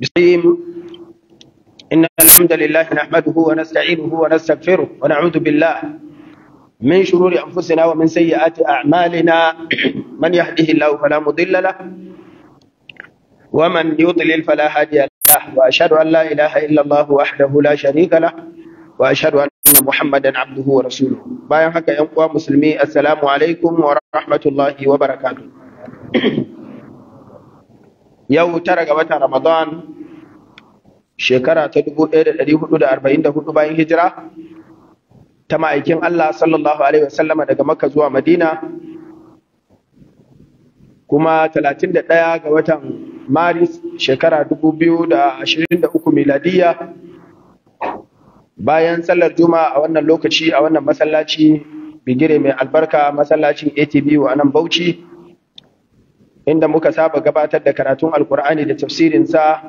بسم إن الحمد لله نحمده ونستعينه ونستغفره ونعوذ بالله من شرور أنفسنا ومن سيئات أعمالنا من يهده الله فلا مضل له ومن يضلل فلا هادي له وأشهد أن لا إله إلا الله وحده لا شريك له وأشهد أن محمدا عبده ورسوله bayan haka ‘yan uwa musulmi assalamu alaikum wa rahmatullahi wa barakatuh yau tara ga watan Ramadan shekara ta 1444 bayan hijira ta ma'aikin Allah sallallahu alaihi wasallama daga Makka zuwa Madina kuma 31 ga watan Maris shekara 2023 miladiyya bayan sallar juma'a a wannan lokaci a wannan masallaci bigire mai albarka masallacin ATB wa nan Bauchi inda muka saba gabatar da karatun alkur'ani da tafsirin sa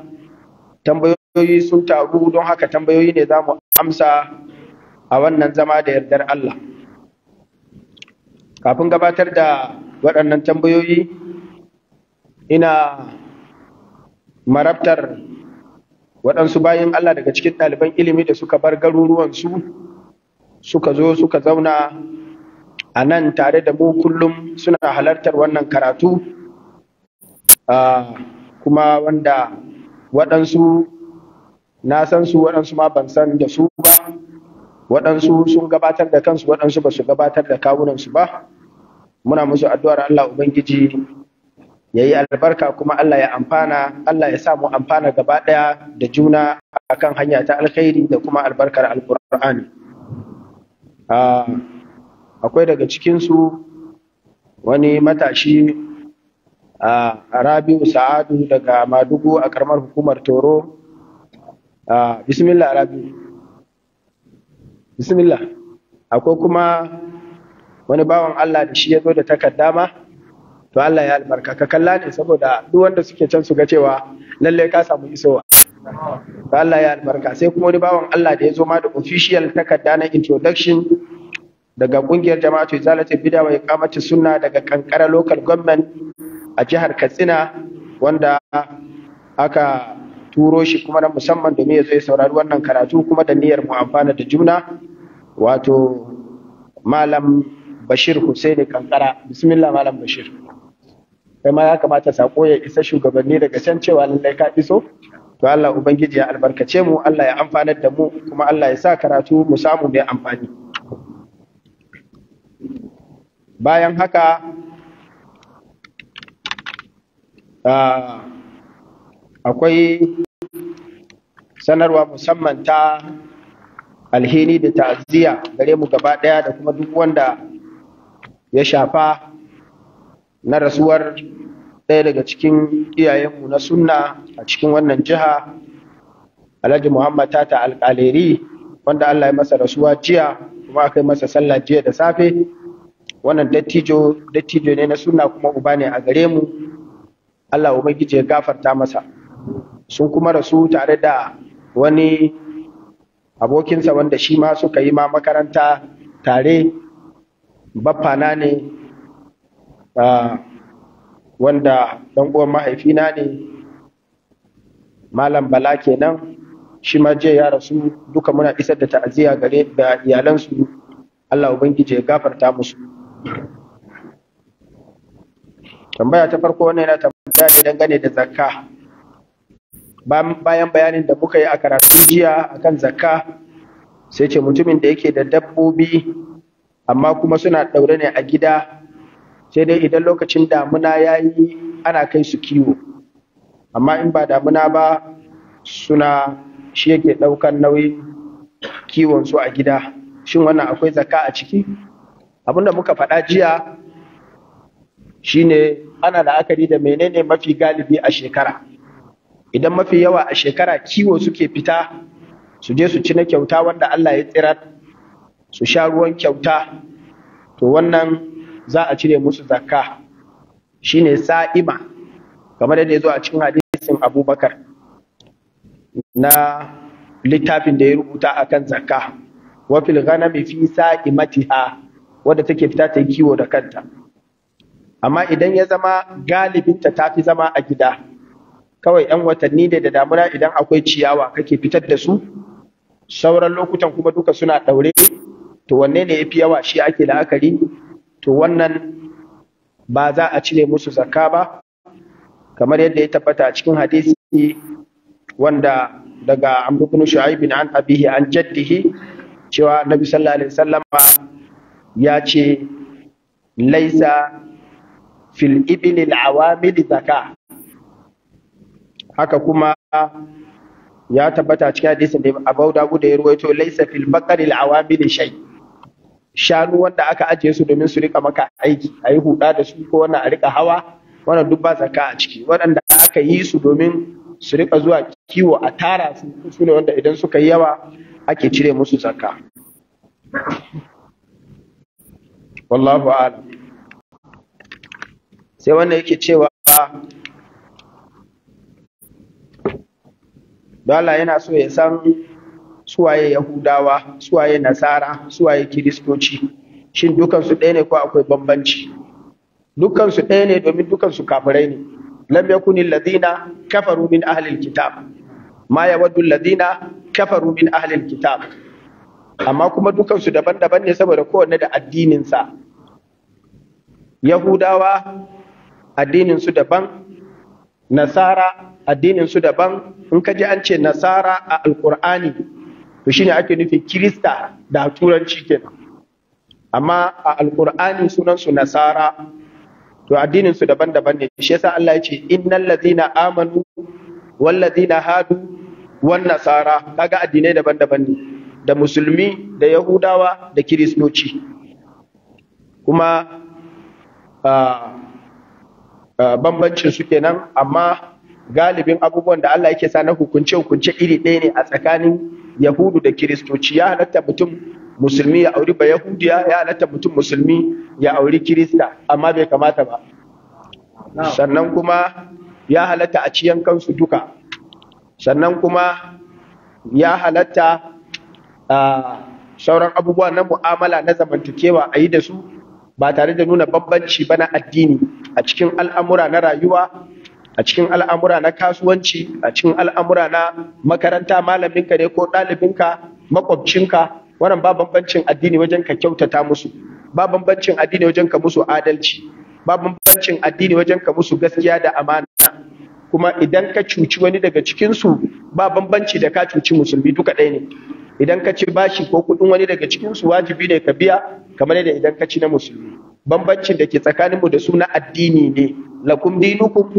tambayoyi sun taru don haka tambayoyi ne za mu amsa a wannan zama da yardar Allah kafin gabatar da waɗannan tambayoyi ina marabtar waɗansu bayan Allah daga cikin ɗaliban ilimi da suka bar garuruwansu suka zo suka zauna a nan tare da mu kullum suna halartar wannan karatu Ah, kuma wanda waɗansu na san su waɗansu ma ban san da su ba waɗansu sun gabatar da kansu waɗansu ba su gabatar da kawunansu ba muna musu addu'ar Allah Ubangiji ya yi albarka kuma Allah ya amfana Allah ya samu amfana gaba ɗaya da juna akan hanya ta alkhairi da kuma albarkar alƙur'ani ah, akwai daga cikinsu wani matashi Rabi'u Sa'adu daga Madugu a karamar hukumar Toro. Bismillah Rabi'u. Bismillah. Akwai kuma wani bawan Allah da shi ya zo da takarda ma to Allah ya albarka ka kalla ne saboda duk wanda suke can su ga cewa lalle ka samu isowa to Allah ya albarka sai kuma wani bawan Allah da ya zo ma da official takarda na introduction daga kungiyar jama'atu izalatul bid'a wa iqamati sunna daga kankara local government a jihar katsina wanda aka turo shi kuma na musamman domin ya zo ya saurari wannan karatu kuma da niyyar mu amfana da juna wato malam bashir hussein kankara bismillah malam bashir kai ma ya kamata sako ya isa shugabanni daga can cewa lallai ka iso to Allah ubangiji ya albarkace mu Allah ya amfana da mu kuma Allah ya sa karatu mu samu mai amfani bayan haka Ah, akwai sanarwa musamman ta alhini da ta'aziyya gare mu gaba ɗaya da kuma duk wanda ya shafa na rasuwar ɗaya daga cikin iyayenmu na sunna a cikin wannan jiha alhaji muhammad tata alƙaleri wanda allah ya masa rasuwa jiya kuma aka yi masa sallah jiya da safe wannan dattijo dattijo ne na sunna kuma uba ne a gare mu Allah ubangiji ya gafarta masa sun kuma rasu tare da wani abokinsa wanda shi ma suka yi ma makaranta tare baffana ne wanda ɗan uwan mahaifina ne malam bala kenan shi ma je ya rasu duka muna isar da ta'aziya gare da iyalansu Allah ubangiji ya gafarta musu tambaya ta farko wannan yana bayani dangane da zakka bayan bayanin da muka yi a karatun jiya akan zakka sai ce mutumin da yake da dabbobi amma kuma suna ɗaure ne a gida sai dai idan lokacin damuna ya yi ana kai su kiwo amma in ba damuna ba suna shi yake ɗaukan nauyin kiwon su a gida shin wannan akwai zakka a ciki abinda muka faɗa jiya shine ana la'akari da menene mafi galibi a shekara idan mafi yawa a shekara kiwo suke fita su je su ci na kyauta wanda Allah ya tsira su sha ruwan kyauta to wannan za a cire musu zakka shine sa'ima kamar yadda ya zo a cikin hadisin abubakar na littafin da ya rubuta akan zakka wafil ghanami fi sa'imatiha wadda take fita ta yi kiwo da kanta amma idan ya zama galibinta ta fi zama a gida kawai 'yan watanni ne da damuna idan akwai ciyawa kake fitar da su sauran lokutan kuma duka suna ɗaure to wanne ne ya fi yawa shi ake la'akari to wannan ba za a cire musu zakka ba kamar yadda ya tabbata a cikin hadisi wanda daga amru shu'aib bin an abihi an jaddihi cewa annabi sallallahu alaihi wasallam ya ce laisa fil ibilil awamil zaka haka kuma ya tabbata cikin hadisin da Abu Dawud da ya ruwaito laysa fil baqaril awamil shay shanu wanda aka ajiye su domin su rika maka aiki ayi huda da su ko wannan a rika hawa wannan duk ba zaka a ciki waɗanda aka yi su domin su rika zuwa kiwo a tara su su ne wanda idan suka yi yawa ake cire musu zaka. wallahu a'lam sai wannan yake cewa Dala yana so ya san suwaye Yahudawa, suwaye Nasara, suwaye Kiristoci, shin dukansu ɗaya ne ko akwai bambanci? Dukansu ɗaya ne domin dukansu kafirai ne. Lam yakuni ladina kafaru min ahli kitab. Ma yawaddu ladina kafaru min ahli alkitab Amma kuma dukansu daban-daban ne saboda kowanne da addininsa. Yahudawa addinin su daban nasara addinin su daban in ka ji an ce nasara a alkur'ani to shine ake nufi kirista da turanci kenan amma a alkur'ani sunansu su nasara to addinin su daban-daban ne shi yasa Allah ya ce innal ladina amanu wal ladina hadu wan nasara kaga addinai daban-daban ne da musulmi da yahudawa da kiristoci kuma ah, Eh, bambancin su kenan amma galibin abubuwan da Allah yake sa na hukunce hukunce iri ɗaya ne a tsakanin Yahudu da Kiristoci ya halatta mutum musulmi ya auri ba Yahudiya ya halatta mutum musulmi ya auri Kirista amma bai kamata ba sannan kuma ya halatta a ciyan kansu duka sannan kuma ya halatta ah, sauran abubuwa na mu'amala na zamantakewa a yi da su ba tare da nuna bambanci ba na addini a cikin al'amura na rayuwa a cikin al'amura na kasuwanci a cikin al'amura na makaranta malaminka ne ko ɗalibinka makwabcinka wannan ba bambancin addini wajen ka kyautata musu ba bambancin addini wajen ka musu adalci ba bambancin addini wajen ka musu gaskiya da amana kuma idan ka cuci wani daga cikinsu ba bambanci da ka cuci musulmi duka ɗaya ne idan ka ci bashi ko kuɗin wani daga cikinsu wajibi ne ka biya kamar yadda idan ka ci na musulmi bambancin da ke tsakanin mu da su na addini ne lakum dinukum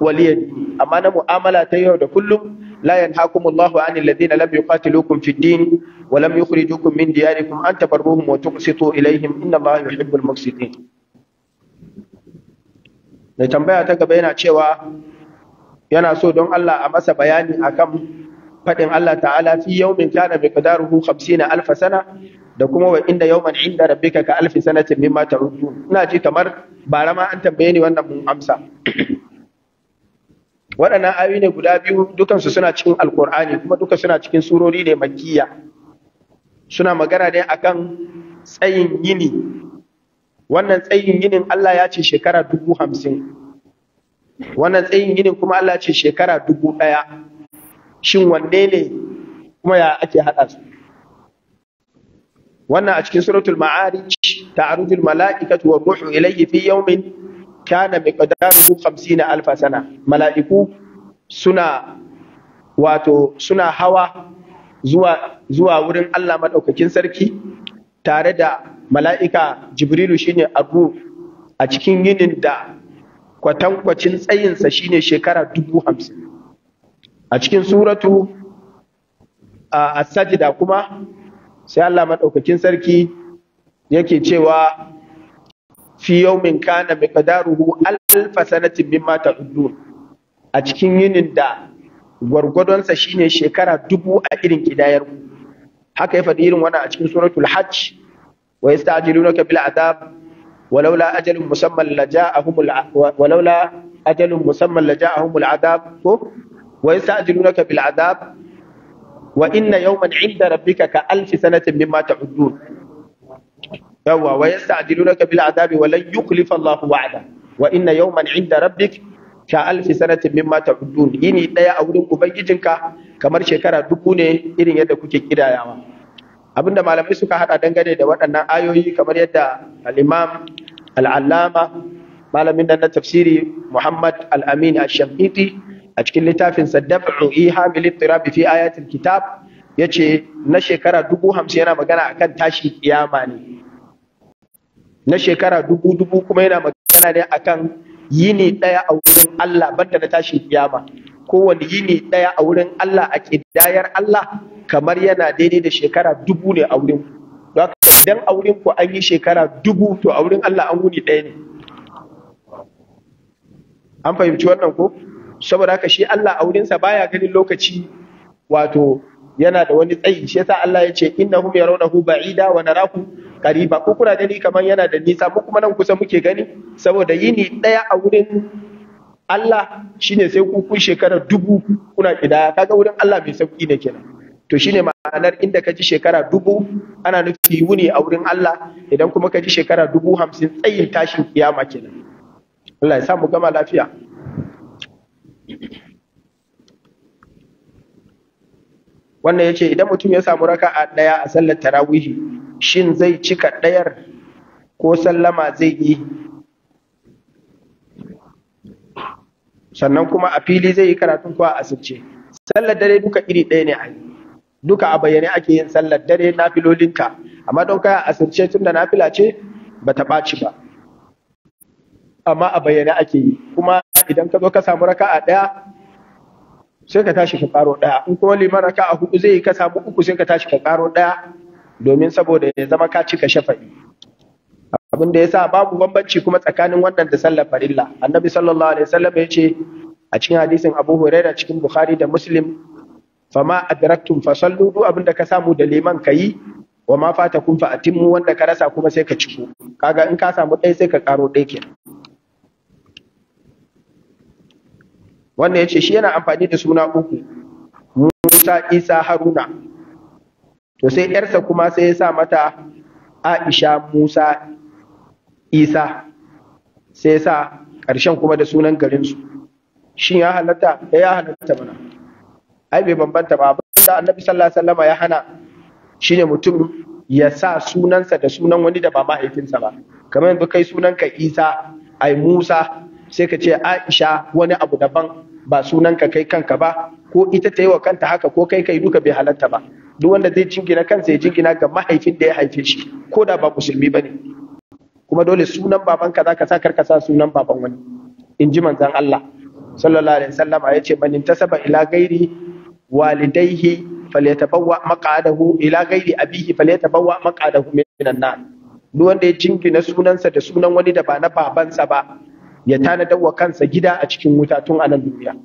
waliya amma na mu'amala ta yau da kullum la yanhakumullahu anil ladina lam yuqatilukum fid din wa lam yukhrijukum min diyarikum an tabarruhum wa tuqsitu ilaihim inna allaha yuhibbul muqsitin mai tambaya ta gaba yana cewa yana so don Allah a masa bayani akan faɗin Allah ta'ala fi yawmin kana miqdaruhu 50 alf sana da kuma wa inda yau yawman inda rabbika ka alfi sanatin mimma ta'udun ina ji kamar bara ma an tambaye ni wannan mun amsa waɗannan ayoyi ne guda biyu dukansu suna cikin alkur'ani kuma duka suna cikin surori ne makkiya suna magana ne akan tsayin yini wannan tsayin yinin Allah ya ce shekara dubu hamsin wannan tsayin yinin kuma Allah ya ce shekara dubu ɗaya shin wanne ne kuma ya ake haɗa su wannan a cikin suratul ma'arij ta'arujul mala'ikatu wa ruhu ilayhi fi yawmin kana miqdaruhu 50 alf sana mala'iku suna wato suna hawa zuwa zuwa wurin Allah madaukakin sarki tare da mala'ika jibrilu shine abu a cikin yinin da kwatankwacin tsayinsa shine shekara dubu hamsin a cikin suratu a sajida kuma sai Allah madaukakin sarki yake cewa fi yawmin kana miqdaruhu alf sanatin mimma ta'udun a cikin yinin da gwargwadonsa shine shekara dubu a irin kidayar mu. haka ya faɗi irin wannan a cikin suratul hajj wa yasta'jilunaka bil adab ولولا أجل مسمى لجاءهم الع... ko? أجل مسمى لجاءهم العذاب ويستعجلونك بالعذاب wa inna yawman inda rabbika ka alfi sanatin mimma ta'uddun yawa wa yasta'jilunaka bil azabi wa lan yukhlifa Allahu wa'da wa inna yawman inda rabbik ka alfi sanatin mimma ta'uddun yini daya a wurin ubangijinka kamar shekara dubu ne irin yadda kuke kidayawa abinda malamai suka hada dangane da waɗannan ayoyi kamar yadda al-imam al-allama malamin nan na tafsiri Muhammad al-Amin al a cikin littafin saddafa'u iha milittirabi fi ayatul kitab yace na shekara dubu hamsin yana magana akan tashi kiyama ne na shekara dubu dubu kuma yana magana ne akan yini daya a wurin Allah banda na tashi kiyama kowane yini daya a wurin Allah a kidayar Allah kamar yana daidai da shekara dubu ne a wurin idan a wurin ku an yi shekara dubu to a wurin Allah an wuni ɗaya ne an fahimci wannan ko saboda haka shi Allah a wurinsa baya ganin lokaci wato yana da wani tsayi shi yasa Allah ya ce innahum yarawnahu ba'ida wa narahu qariba ku kuna gani kamar yana da nisa mu kuma nan kusa muke gani saboda yini daya a wurin Allah shine sai ku kun shekara dubu kuna kidaya kaga wurin Allah mai sauki ne kenan to shine ma'anar inda ka ji shekara dubu ana nufi wuni a wurin Allah idan kuma ka ji shekara dubu hamsin tsayin tashin kiyama kenan Allah ya sa mu gama lafiya wannan ya ce idan mutum ya samu raka'a ɗaya a sallar tarawihi shin zai cika ɗayar ko sallama zai yi sannan kuma a fili zai yi karatun kuwa a asirce sallar dare duka iri ɗaya ne a yi duka a bayyane ake yin sallar dare na filolinka amma don kaya asirce tun da nafila ce ba ta ɓaci ba amma a bayyane ake yi kuma idan ka zo ka samu raka'a ɗaya sai ka tashi ka karo ɗaya in ko liman raka'a hudu zai yi ka samu uku sai ka tashi ka karo ɗaya domin saboda ya zama ka cika shafa'i abin da yasa babu bambanci kuma tsakanin wannan da sallar farilla annabi sallallahu alaihi wasallam ya ce a cikin hadisin abu huraira cikin bukhari da muslim fama adraktum fa sallu abin da ka samu da liman yi wa ma fata kun fa atimmu wanda ka rasa kuma sai ka ciko kaga in ka samu ɗaya sai ka karo ɗaya kenan wannan ya ce shi yana amfani da suna uku musa isa haruna to sai yarsa kuma sai ya sa mata aisha musa isa sai ya sa ƙarshen kuma da sunan garinsu shi ya halatta eh, ya halatta mana ai bai bambanta ba da annabi sallallahu alaihi wasallam ya hana shine mutum ya sa sunansa da sunan wani da ba mahaifinsa ba kamar yanzu kai sunanka isa ai musa sai ka ce aisha wani abu daban ba sunan ka kai kanka ba ko ita ta yi wa kanta haka ko kai kai duka bai halatta ba duk wanda zai jingina kansa ya jingina ga mahaifin da ya haife shi ko da ba musulmi ba ne. kuma dole sunan babanka zaka sa ka sa sunan baban wani in ji manzon Allah sallallahu alaihi wasallam ya ce man intasaba ila ghairi walidaihi falyatabawwa maq'adahu ila ghairi abihi falyatabawwa maq'adahu minan nar duk wanda ya jingina sunansa da sunan wani da ba na babansa ba ya tanadar wa kansa gida a cikin wuta tun a nan duniya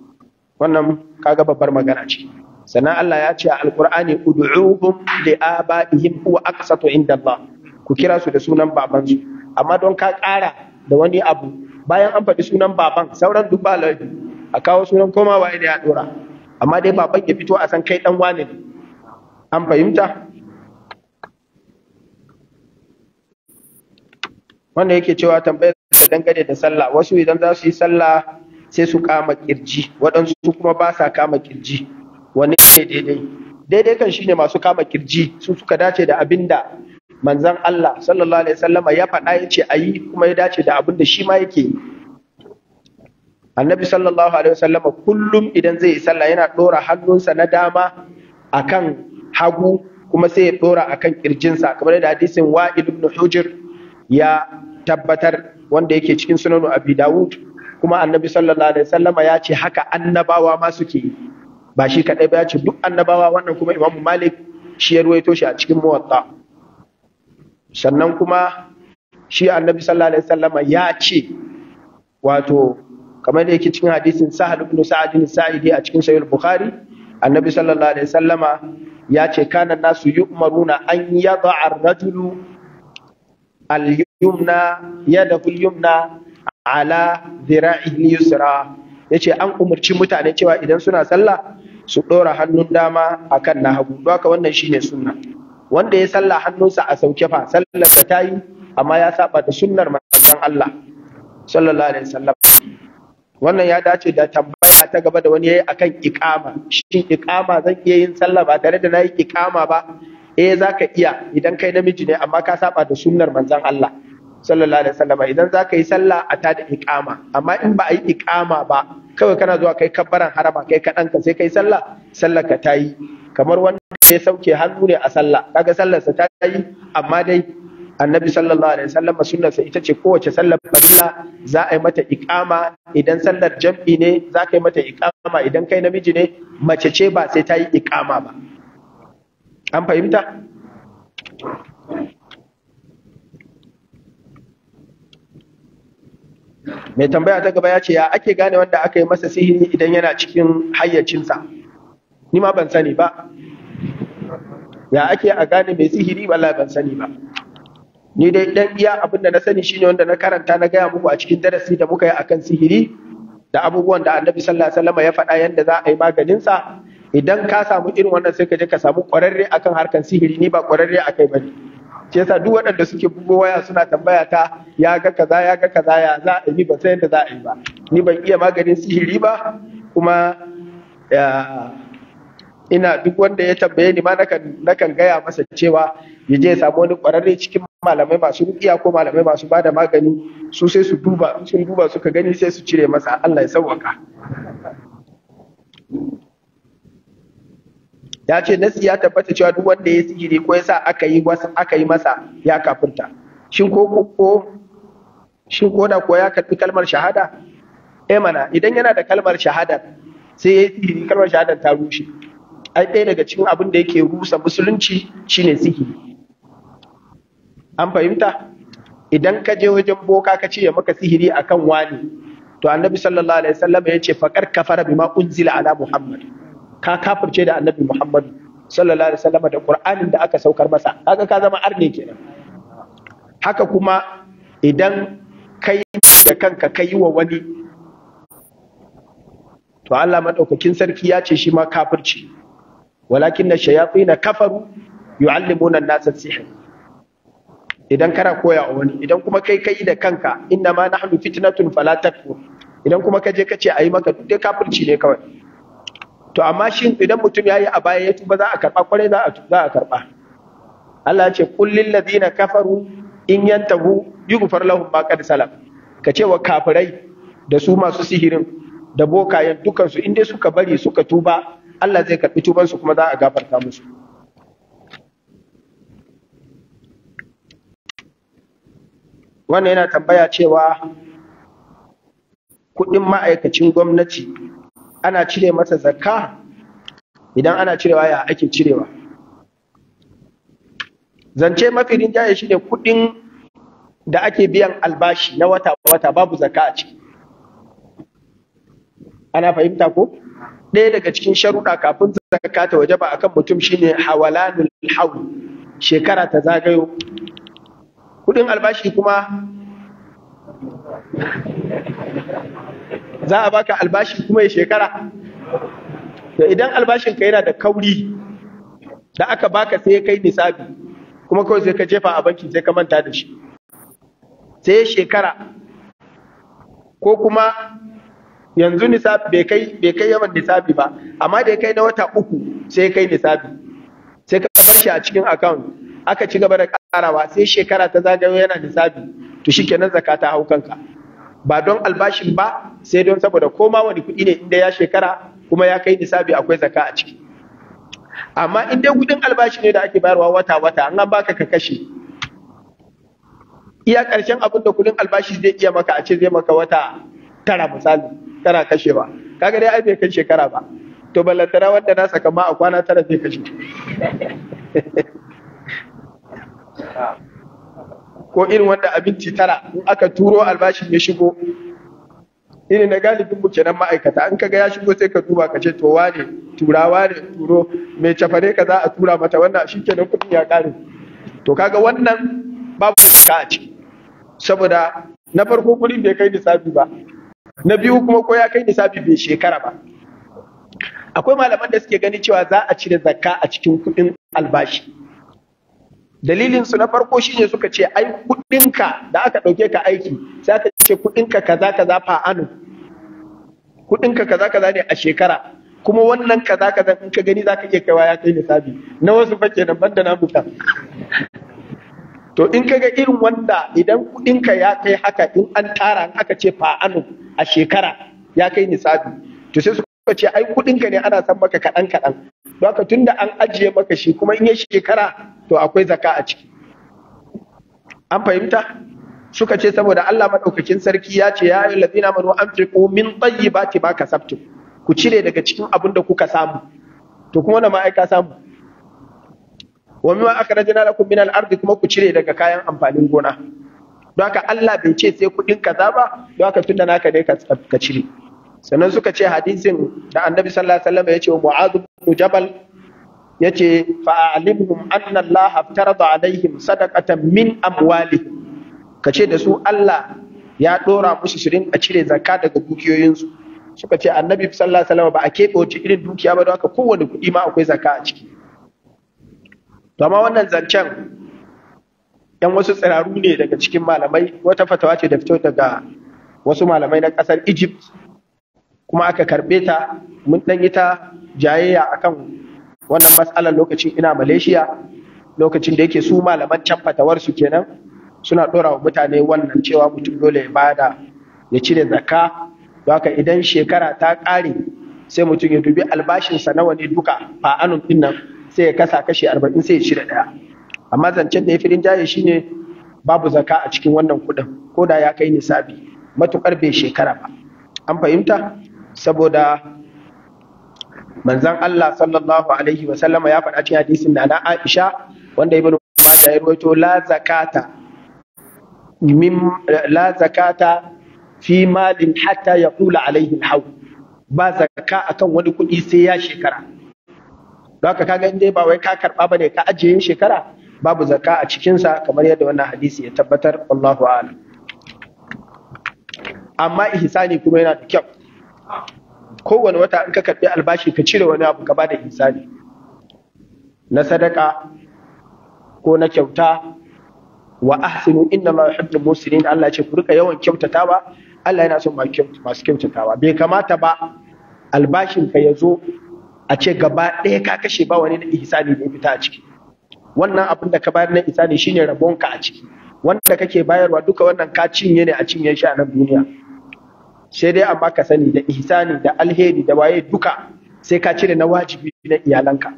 wannan kaga babbar magana ce sannan Allah ya ce a alqur'ani ud'uhum li abaihim huwa aqsatu inda Allah ku kira su da sunan babansu amma don ka ƙara da wani abu bayan an faɗi sunan baban sauran duk ba laifi a kawo sunan koma wa ya dora amma dai baban ya fito a san kai dan wane ne an fahimta wanda yake cewa tambayar dangane da sallah wasu idan za su yi sallah sai su kama kirji waɗansu kuma ba sa kama kirji Wani ne daidai daidai kan shine masu kama kirji su suka dace da abin da manzon Allah sallallahu alaihi sallama ya faɗa ya ce yi kuma ya dace da abin da shi ma yake annabi sallallahu alaihi sallama kullum idan zai yi sallah yana ɗora hannunsa na dama akan hagu kuma sai ya ɗora akan kirjinsa kamar da hadisin wa'id ibn hujr ya tabbatar wanda yake cikin sunanu abi dawud kuma annabi sallallahu alaihi Sallama ya ce haka annabawa ma suke ba shi kadai ba ya ce duk annabawa wannan kuma imamu malik shi ya ruwaito shi a cikin muwatta sannan kuma shi annabi sallallahu alaihi Sallama ya ce wato kamar da yake cikin hadisin sahal ibn sa'ad bin sa'idi a cikin sahih bukhari annabi sallallahu alaihi Sallama ya ce kana nasu yu'maruna an yad'a ar-rajulu yumna yadahu yumna ala dhira'ihi yusra yace an umarci mutane cewa idan suna sallah su dora hannun dama akan na hagu don haka wannan shine sunna wanda ya sallah hannunsa a sauke fa sallar ta yi amma ya saba da sunnar manzon Allah sallallahu alaihi wasallam wannan ya dace da tambaya ta gaba da wani yayi akan iqama shin iqama zan iya yin sallah ba tare da nayi iqama ba eh zaka iya idan kai namiji ne amma ka saba da sunnar manzon Allah sallallahu alaihi wasallam idan za ka yi sallah a tada da iqama amma in ba a yi iqama ba kawai kana zuwa kai kabbaran harama kai kaɗan ka sai kai sallah sallar ka ta yi kamar wanda ya sauke hannu ne a sallah kaga sallar sa ta yi amma dai annabi sallallahu alaihi wasallam sunnar sa ita ce kowace sallar farilla za a yi mata iqama idan sallar jam'i ne za ka yi mata iqama idan kai namiji ne mace ce ba sai ta yi iqama ba an fahimta mai tambaya ta gaba ya ce ya ake gane wanda aka yi masa sihiri idan yana cikin hayyacinsa ni ma ban sani ba ya ake a gane mai sihiri ba ban sani ba ni dai dan iya abinda na sani shine wanda na karanta na gaya muku a cikin darasi da muka yi akan sihiri da abubuwan da annabi sallallahu alaihi wasallam ya faɗa yanda za a yi maganinsa idan ka samu irin wannan sai ka je ka samu ƙwararre akan harkan sihiri ni ba ƙwararre akai bane shi duk waɗanda suke bugo waya suna tambaya ta ya ga kaza ya ga kaza ya za a yi ba sai yadda za a yi ba ni ban iya maganin sihiri ba kuma ina duk wanda ya tambaye ni ma nakan gaya masa cewa ya je ya samu wani ƙwararre cikin malamai masu rukiya ko malamai masu ba da magani su sai su duba sun duba suka gani sai su cire masa Allah ya sauwaka ya ce nasi ya tabbata cewa duk wanda ya sihiri ko ya sa aka yi aka yi masa ya kafinta shin ko ko shin ko da ko ya karbi kalmar shahada eh mana idan yana da kalmar shahada sai ya sihiri kalmar shahada ta rushe ai ɗaya daga cikin abin da yake rusa musulunci shine sihiri an fahimta idan ka je wajen boka ka ce ya maka sihiri akan wani to annabi sallallahu alaihi wasallam ya ce faqar kafara bima unzila ala muhammad ka kafirce da annabi Muhammad sallallahu alaihi wasallam da Qur'anin da aka saukar masa kaga ka zama arne kenan haka kuma idan kai da kanka kai wa wani to Allah madaukakin sarki ya ce shi ma kafirci walakin na shayatin kafaru yu'allimuna an-nasa sihr idan kana koya wa wani idan kuma kai kai da kanka inna ma nahnu fitnatun fala takfur idan kuma ka je ka ce ayi maka duk kafirci ne kawai to amma shi idan mutum yayi a baya ya tuba za a karba kwarai za a za a karba Allah ya ce kullil ladina kafaru in yantahu yughfar lahum ma qad salam ka ce wa kafirai da su masu sihirin da bokayen dukan su in dai suka bari suka tuba Allah zai karɓi tuban su kuma za a gafarta musu wannan yana tambaya cewa kuɗin ma'aikacin gwamnati ana cire masa zakka idan ana cirewa ya ake cirewa zance mafi rinjaye shine kudin da ake biyan albashi na wata-wata babu zakka a ciki ana fahimta ko ɗaya daga cikin sharuɗa kafin zakka ta waje ba akan mutum shine hawalanul hawl shekara ta zagayo kudin albashi kuma za a baka albashi kuma ya shekara to idan albashin ka yana da kauri da aka baka sai kai nisabi kuma kawai sai ka jefa a banki sai ka manta da shi sai ya shekara ko kuma yanzu nisabi bai kai bai kai yawan nisabi ba amma da ya kai na wata uku sai kai nisabi sai ka shi a cikin account aka ci gaba da karawa sai shekara ta zagayo yana nisabi to shikenan zakata hau kanka ba don albashin ba sai don saboda koma wani kuɗi ne inda ya shekara kuma ya kai nisabi akwai zaka a ciki amma in dai gudun albashi ne da ake bayarwa wata wata an baka ka kashe iya ƙarshen abin da kudin albashi zai iya maka a ce zai maka wata tara misali kana kashewa kaga dai ai bai kai shekara ba to ballantana wanda na saka ma a kwana tara zai kashe ko irin wanda abinci tara in aka turo albashin ya shigo irin na galibin mu kenan ma'aikata an kaga ya shigo sai ka duba ka ce to wane turawa ne turo mai cafare ka za a tura mata wannan kenan kuɗin ya ƙare to kaga wannan babu ka a ciki saboda na farko kuɗin bai kai nisabi ba na biyu kuma ko ya kai nisabi bai shekara ba akwai malaman da suke gani cewa za a cire zakka a cikin kuɗin albashi dalilin su na farko shine suka ce ai kuɗinka da aka ɗauke ka aiki sai aka ce kuɗinka kaza kaza fa anu kudinka kaza kaza ne a shekara kuma wannan kaza kaza in ka gani zaka iya kaiwa ya kai nisabi, na wasu fa kenan banda na muka to in ga irin wanda idan kuɗinka ya kai haka in an tara aka ce fa anu a shekara ya kai nisabi to sai su ka ce ai ka ne ana san maka kaɗan kaɗan don haka tunda an ajiye maka shi kuma in ya shekara to akwai zaka a ciki an fahimta suka ce saboda Allah madaukakin sarki ya ce ya ayyuhal ladina manu tsayi min tayyibati ma kasabtu ku cire daga cikin abin da kuka samu to kuma wannan ma ai ka samu wa mimma akhrajna lakum min al-ardi kuma ku cire daga kayan amfanin gona don haka Allah bai ce sai kuɗin kaza ba don haka tunda naka ne ka cire sannan suka ce hadisin da annabi sallallahu alaihi wasallam ya ce mu'adh ibn jabal yace fa alimhum anna allaha aftarada alaihim sadaqatan min amwali kace da su Allah ya dora musu shirin a cire zakka daga dukiyoyinsu suka ce annabi sallallahu alaihi wasallam ba a keɓe wace irin dukiya ba don haka kowane kuɗi ma akwai zakka a ciki to amma wannan zancen yan wasu tsiraru ne daga cikin malamai wata fatawa ce da fito daga wasu malamai na ƙasar Egypt kuma aka karɓe ta mun ɗan ita jayayya akan wannan matsalar lokacin ina malaysia lokacin da yake su malaman can su kenan suna ɗora wa mutane wannan cewa mutum dole ya bada ya cire zakka don haka idan shekara ta ƙare sai mutum ya dubi albashinsa nawa ne duka fa anun ɗin nan sai ya kasa kashe arba'in sai ya cire ɗaya amma zancen da ya fi shi shine babu zaka a cikin wannan kuɗin ko da ya kai nisabi matukar bai shekara ba an fahimta saboda manzan Allah sallallahu alaihi wa sallama ya faɗa cikin hadisin da na Aisha wanda ibn ya rawaito la zakata min la zakata fi malin hatta yaqula alaihi alhaw ba zakka akan wani kuɗi sai ya shekara haka kaga in dai ba wai ka karba ne, ka ajiye shekara babu zakka a cikinsa kamar yadda wannan hadisi ya tabbatar wallahu a'lam amma ihsani kuma yana da kyau kowane wata in ka karɓi albashi ka cire wani abu gaba da insani na sadaka ko na kyauta wa ahsinu inna Allah yuhibbul muslimin Allah ya ce ku rika yawan kyautatawa Allah yana son masu kyautatawa bai kamata ba albashin ka yazo a ce gaba ɗaya ka kashe ba wani na ihsani ne fita a ciki wannan abin da ka bayar na ihsani shine rabonka a ciki wanda kake bayarwa duka wannan ka cinye ne a cinye shi a nan duniya sai dai amma ka sani da ihsani da alheri da waye duka sai ka cire na wajibi na iyalanka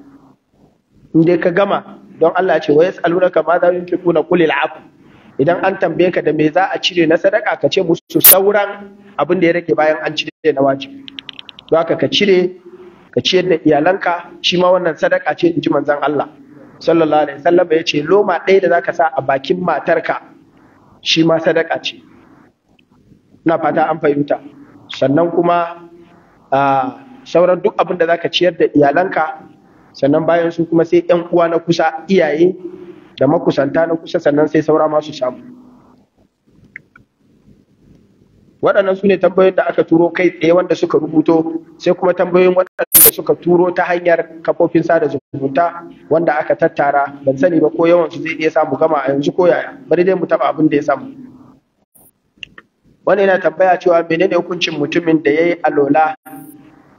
in dai ka gama don Allah ce wa ka ma za tukuna kulil afu idan an tambaye ka da me za a cire na sadaka ka ce musu sauran abin da ya rage bayan an cire na wajibi don haka ka cire ka ciyar da iyalanka shi ma wannan sadaka ce in ji manzon Allah sallallahu alaihi wasallam ya ce loma ɗaya da zaka sa a bakin matarka shi ma sadaka ce na fata an fahimta sannan kuma a sauran duk abin da zaka ciyar da iyalanka sannan bayan su kuma sai yan uwa na kusa iyaye da makusanta na kusa sannan sai saura masu samu waɗannan su ne tambayoyin da aka turo kai tsaye wanda suka rubuto sai kuma tambayoyin waɗanda suka turo ta hanyar kafofin sada zumunta wanda aka tattara ban sani ba ko yawan su zai iya samu gama a yanzu ko yaya bari dai mu taɓa abin da ya samu wani yana tambaya cewa menene hukuncin mutumin da ya yi alola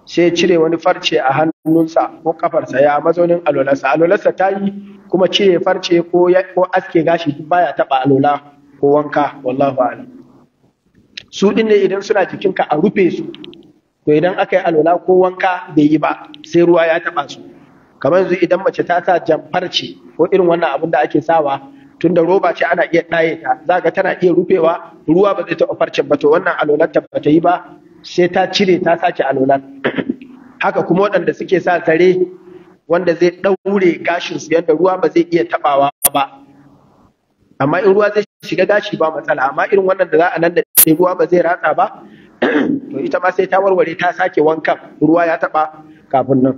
sai cire wani farce a hannunsa ko kafarsa ya mazaunin alolarsa alolarsa ta yi kuma cire farce ko aske gashi duk baya taba alola ko wanka wallahu a'lam su din ne idan suna ka a rufe su to idan aka yi alola ko wanka bai yi ba sai ruwa ya taba su kamar yanzu idan mace ta sa jamfarce ko irin wannan abin da ake sawa tunda roba ce ana iya ɗaye ta za tana iya rufewa ruwa ba zai taɓa farcen ba to wannan alolar ta ba ta yi ba sai ta cire ta sake alolar haka kuma waɗanda suke sa zare wanda zai ɗaure gashin su yadda ruwa ba zai iya taɓawa ba amma in ruwa zai shiga gashi ba matsala amma irin wannan da za a nan da ruwa ba zai ratsa ba to ita ma sai ta warware ta sake wankan ruwa ya taɓa kafin nan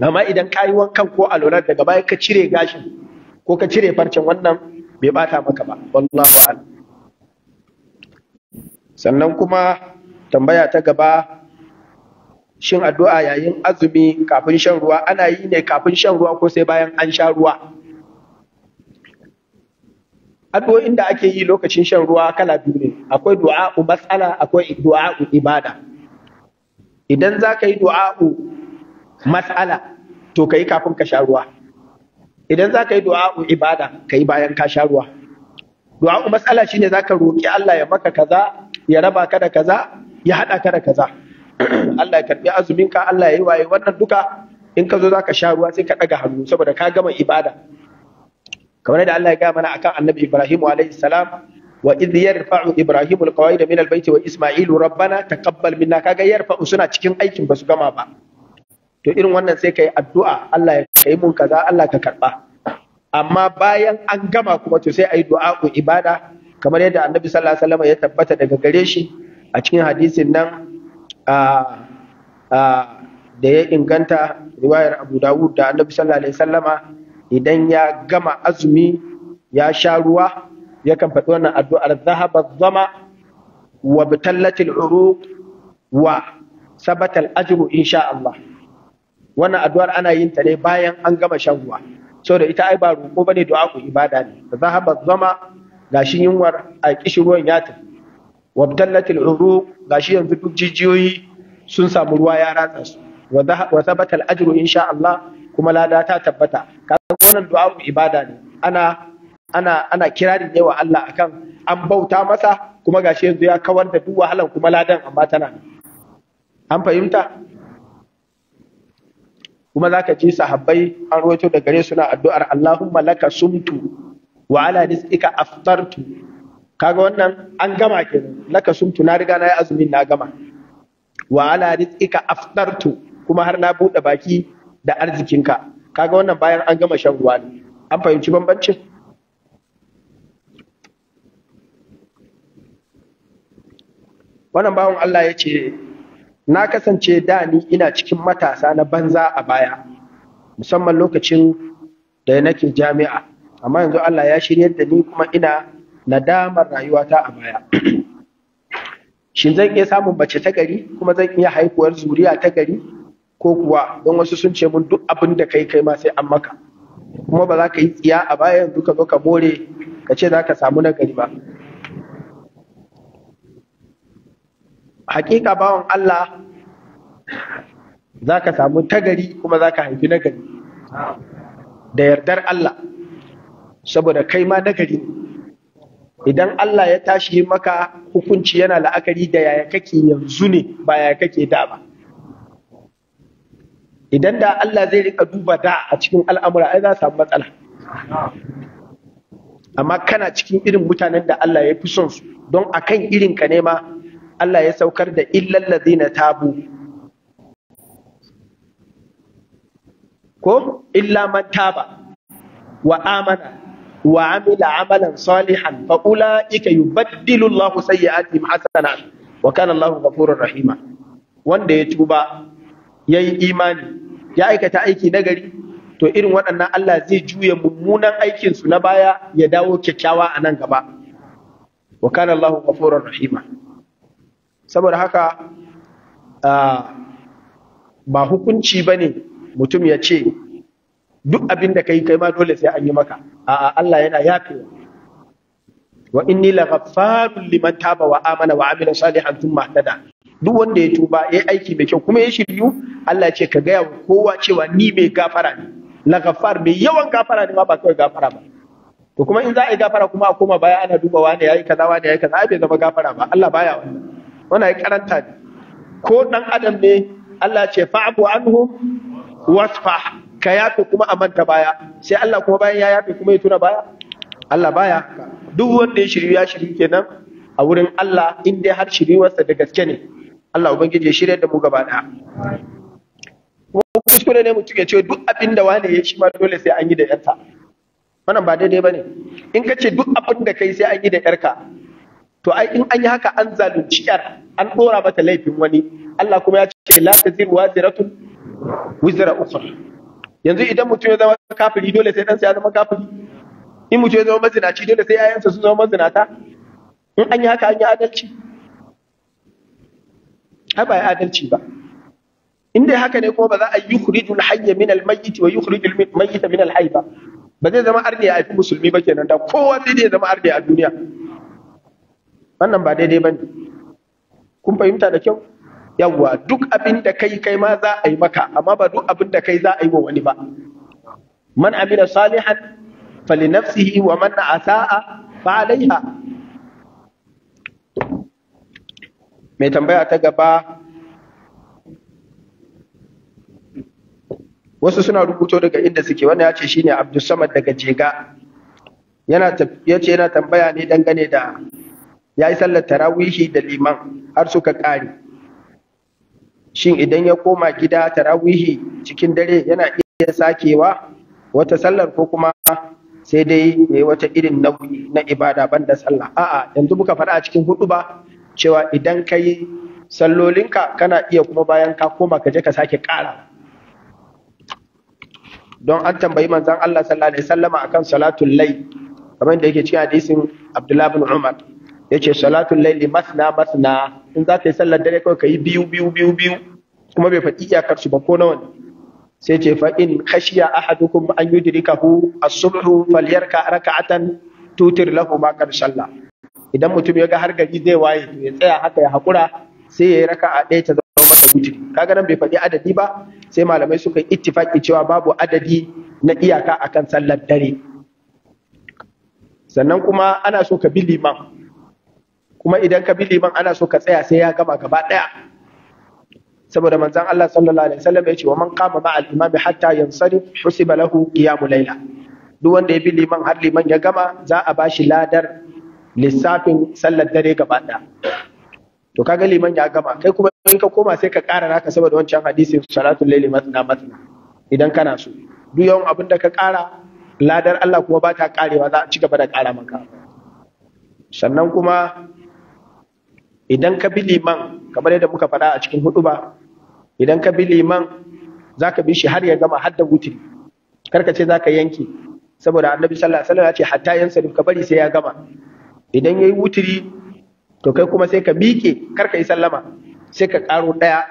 amma idan ka yi wankan ko alolar daga baya ka cire gashin ko ka cire farcen wannan bai bata maka ba wallahu a'lam sannan kuma tambaya ta gaba shin addu'a yayin azumi kafin shan ruwa ana yi ne kafin shan ruwa ko sai bayan an sha ruwa addu'o'in da ake yi lokacin shan ruwa kala biyu ne akwai du'a'u matsala akwai du'a'u ibada idan za ka yi du'a'u matsala to ka yi kafin ka sha ruwa idan za ka yi du'a'u ibada ka yi bayan ka sha ruwa du'a'u matsala shine za ka roƙi Allah ya maka kaza ya raba ka da kaza ya haɗa ka da kaza Allah ya karɓi azuminka Allah ya yi waye wannan duka in ka zo za ka sha ruwa sai ka ɗaga hannu saboda ka gama ibada kamar da Allah ya gaya mana akan annabi Ibrahim alaihi salam wa idh yarfa'u Ibrahim alqawaida min albayt wa Isma'ilu rabbana taqabbal minna kaga yarfa'u suna cikin aikin ba su gama ba to irin wannan sai ka yi addu'a Allah ya yi mun kaza Allah ka karɓa amma bayan an gama kuma to sai a yi du'a ku ibada kamar yadda annabi sallallahu alaihi wasallam ya tabbata daga gare shi a cikin hadisin nan da ya inganta riwayar Abu Dawud da annabi sallallahu alaihi wasallama idan ya gama azumi ya sha ruwa yakan faɗi wannan addu'ar zahaba zama wa bitallatil uruq wa sabatal ajru insha Allah wannan addu'ar ana yin ta ne bayan an gama shan ruwa da ita ai ba roƙo bane du'a ku ibada ne fa zahaba zama gashi yunwar a kishi ruwan ya tafi wabtallatil uruq gashi yanzu duk jijiyoyi sun samu ruwa ya ratsa su wa thabata al ajru insha Allah kuma lada ta tabbata wannan du'a ibada ne ana ana ana kirari ne wa Allah akan an bauta masa kuma gashi yanzu ya kawar da duk wahalan kuma ladan amma tana an fahimta kuma zaka ji sahabbai an rawaito da gare su na addu'ar Allahumma laka sumtu wa ala rizqika aftartu kaga wannan an gama kenan laka sumtu na riga na yi azumin na gama wa ala rizqika aftartu kuma har na bude baki da arzikinka kaga wannan bayan an gama shan ruwa ne an fahimci bambancin wannan bawan Allah ya ce na kasance da ni ina cikin matasa na banza a baya musamman lokacin da nake jami'a amma yanzu Allah ya shiryar da ni kuma ina nadamar rayuwata a baya shin zan iya samun mace ta gari kuma zan iya haifuwar zuriya ta gari ko kuwa don wasu sun ce mun duk abin da kai kai ma sai an maka kuma ba za ka yi tsiya a baya yanzu ka zo ka more ka ce za ka samu na gari ba hakika bawan Allah za ka samu tagari kuma za ka haifi nagari da yardar Allah saboda kai ma nagari idan Allah ya tashi maka hukunci yana la'akari da yaya kake yanzu ne ba yaya kake da ba idan da Allah zai rika duba da a cikin al'amura ai za samu matsala amma kana cikin irin mutanen da Allah ya fi son su don akan irin ka ne ma Allah ya saukar da illal ladina tabu ko illa man taba wa amana wa amila amalan salihan fa ulaika sai Allahu sayyi'atihim hasana. wa kana Allahu rahima wanda ya tuba yayi imani ya aikata aiki nagari to irin waɗannan Allah zai juya mummunan aikinsu na baya ya dawo kyakkyawa a nan gaba. Wa kana Allahu rahima. saboda haka ba hukunci ba ne mutum ya ce duk abin da ka yi kai ma dole sai an yi maka a'a Allah yana yafewa wa inni la ghaffarun liman taba wa amana wa amila salihan thumma hadada duk wanda ya tuba yi aiki mai kyau kuma ya shiryu Allah ya ce ka gaya wa kowa cewa ni mai gafara ne la ghaffar mai yawan gafara ne ma ba kai gafara ba to kuma in za a yi gafara kuma a koma baya ana duba wani yayi kaza wani yayi kaza ai bai zama gafara ba Allah baya wannan Muna ya karanta ne ko dan adam ne Allah ce fa'abu anhum wasfa ka yafe kuma a manta baya sai Allah kuma bayan ya yafe kuma ya tuna baya Allah baya duk wanda ya shiryu ya shiryu kenan a wurin Allah in dai har shiryuwarsa da gaske ne Allah ubangiji ya shirya da mu gaba daya kuskure ne mutum ya ce duk abin da wane ya shi ma dole sai an yi da 'yarta. wannan ba daidai bane in ka ce duk abin da kai sai an yi da yarka to ai in an yi haka an zalunci yar an dora mata laifin wani Allah kuma ya ce la taziru waziratun wizra ukhra yanzu idan mutum ya zama kafiri dole sai ɗansa ya zama kafiri in mutum ya zama mazinaci dole sai yayansa sun zama mazinata in an yi haka an yi adalci ai ba adalci ba in dai haka ne kuma ba za a yi yukhrijul hayya min al mayyit wa yukhrijul mayyita min al ba ba zai zama arne a fi musulmi ba kenan da kowa zai zama arne a duniya wannan ba daidai bane kun fahimta da kyau yawwa duk abin da kai kai ma za a yi maka amma ba duk abin da kai za a yi wa wani ba man amila salihan fali nafsihi wa man asa'a fa alaiha mai tambaya ta gaba wasu suna rubuto daga inda suke wani ya ce shine Abdul Samad daga Jega yana yace yana tambaya ne dangane da ya yi sallar tarawihi da liman har suka ƙare shin idan ya koma gida tarawihi cikin dare yana iya sakewa wata sallar ko kuma sai dai ya yi wata irin nauyi na ibada ban da sallah a'a yanzu muka faɗa a cikin hudu ba cewa idan ka yi sallolinka kana iya kuma bayan ka koma ka je ka sake ƙara don an tambayi manzon Allah sallallahu alaihi wasallama akan salatul layl kamar da yake cikin hadisin Abdullah bin Umar Ya ce salatul laili masna masna in za ka yi sallar dare kawai ka yi biyu biyu biyu biyu kuma bai faɗi iyakar su ba ko nawa ne sai ce fa in khashiya ahadukum an yudrikahu as-subhu falyarka raka'atan tutir lahu ma kan salla idan mutum ya ga har gari zai waye to ya tsaya haka ya hakura sai ya yi raka'a ɗaya ta zama tutir kaga nan bai faɗi adadi ba sai malamai suka yi ittifaki cewa babu adadi na iyaka akan sallar dare sannan kuma ana so ka bi liman kuma idan ka bi liman ana so ka tsaya sai ya gama gaba daya saboda manzon Allah sallallahu alaihi wasallam ya ce wa man qama ma al-imami hatta yansarif husiba lahu qiyamul layla duk wanda ya bi liman har liman ya gama za a bashi ladar lissafin sallar dare gaba ɗaya. to kaga liman ya gama kai kuma in ka koma sai ka ƙara naka saboda wancan hadisin salatul layli matna matna idan kana so duk yawan abin da ka ƙara ladar Allah kuma ba ta ƙarewa za a ci gaba da ƙara maka sannan kuma idan ka bi liman kamar yadda muka faɗa a cikin hudu ba idan ka bi liman za ka bi shi har ya gama har da wutiri kar ka ce za ka yanke saboda annabi sallallahu alaihi wasallam ya ce hatta yan sarif ka bari sai ya gama idan yayi wutiri to kai kuma sai ka miƙe kar ka yi sallama sai ka ƙaro ɗaya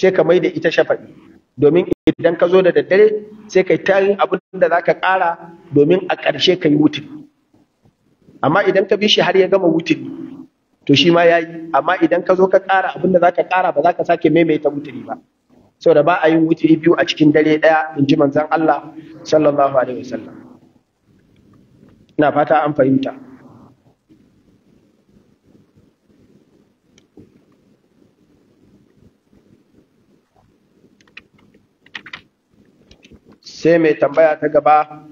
sai ka mai da ita shafa'i domin idan ka zo da daddare sai ka yi tarin abin da za ka ƙara domin a ƙarshe ka yi wutiri amma idan ka bi shi har ya gama wutiri to shi ma yayi amma idan ka zo ka ƙara abin da zaka ƙara ba zaka sake maimaita wuturi ba saboda ba a yin wuturi biyu a cikin dare ɗaya in ji manzon Allah sallallahu alaihi wasallam ina fata an fahimta sai mai tambaya ta gaba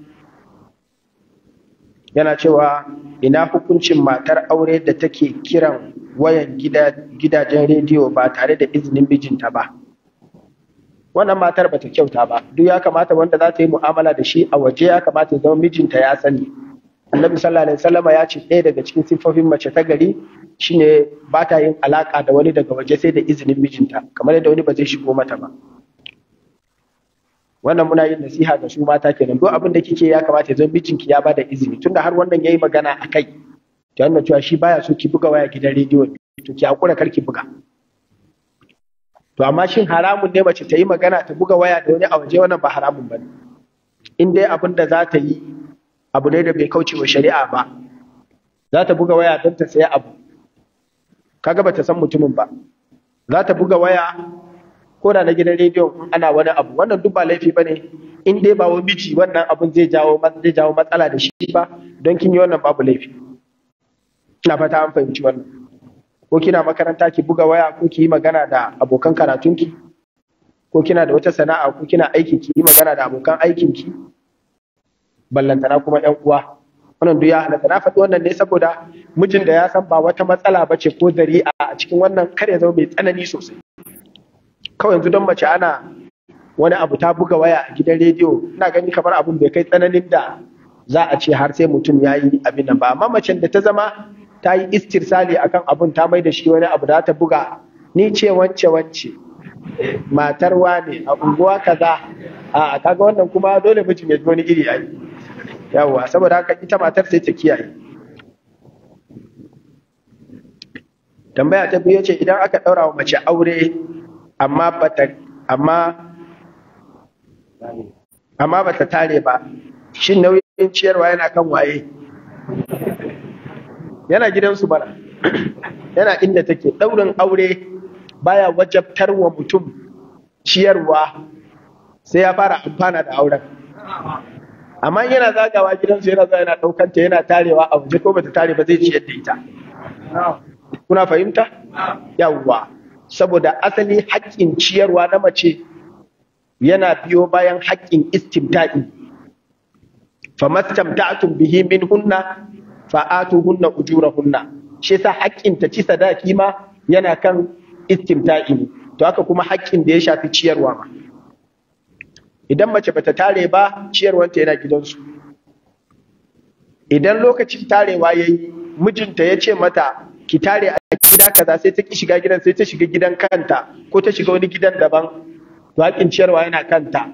yana cewa ina hukuncin matar aure da take kiran wayan gidajen rediyo ba tare da izinin mijinta ba wannan matar bata kyauta ba duk ya kamata wanda za ta yi mu'amala da shi a waje ya kamata ya zama mijinta ya sani annabi sallallahu alaihi wasallama ya ce ɗaya daga cikin siffofin mace ta gari shine ba ta yin alaka da wani daga waje sai da izinin mijinta kamar yadda wani ba zai shigo mata ba wannan muna yin nasiha ga su mata kenan duk abin da kike ya kamata zan mijinki ya bada izini tunda har wannan yayi magana a kai ta wannan cewa shi baya so ki buga waya gidan rediyo to ki hakura kar ki buga to amma shin haramun ne mace ta yi magana ta buga waya da wani a waje wannan ba haramun bane in dai abin da za ta yi abu ne da bai kauce wa shari'a ba za ta buga waya don ta sayi abu kaga bata san mutumin ba za ta buga waya ko da na gidan rediyon in ana wani abu wannan duk ba laifi bane in dai ba wani miji wannan abun zai jawo zai jawo matsala da shi ba don kin yi wannan babu laifi ina fata an fahimci wannan ko kina makaranta ki buga waya ko ki yi magana da abokan karatunki ko kina da wata sana'a ko kina aiki ki yi magana da abokan aikinki ballantana kuma yan uwa wannan duk ya halatta na faɗi wannan ne saboda mijin da ya san ba wata matsala ba ce ko zari'a a cikin wannan kar ya zama mai tsanani sosai kawai yanzu don mace ana wani abu ta buga waya a gidan rediyo ina gani kamar abun bai kai tsananin da za a ce har sai mutum ya yi abin nan ba amma macen da ta zama ta yi istirsali akan abun ta mai da shi wani abu da ta buga ni ce wance wance matar wane a unguwa kaza a kaga wannan kuma dole mijin ya wani iri ai yawa saboda haka ita matar sai ta kiyaye tambaya ta biyu ce idan aka daura wa mace aure amma bata amma amma bata tare ba shin nauyin ciyarwa yana kan waye yana gidansu bara yana inda take daurin aure baya wajabtar wa mutum ciyarwa sai ya fara amfana da auren amma yana zagawa gidansu yana zuwa yana ɗaukanta yana tarewa a waje ko bata tare ba zai ciyar da ita kuna fahimta yawwa saboda asali haƙƙin ciyarwa na mace yana biyo bayan haƙƙin istimta'i mastamta'tum bihi minhunna fa'atuhunna ujurahunna shi sa haƙƙin ta ci sadaki ma yana kan istimta'i ne to haka kuma haƙƙin da ya shafi ciyarwa ma idan mace bata tare ba ciyarwanta yana gidansu idan lokacin tarewa yayi mijinta ya ce mata ki tare a gida kaza sai ta ki shiga gidan sai ta shiga gidan kanta ko ta shiga wani gidan daban to haƙin ciyarwa yana kanta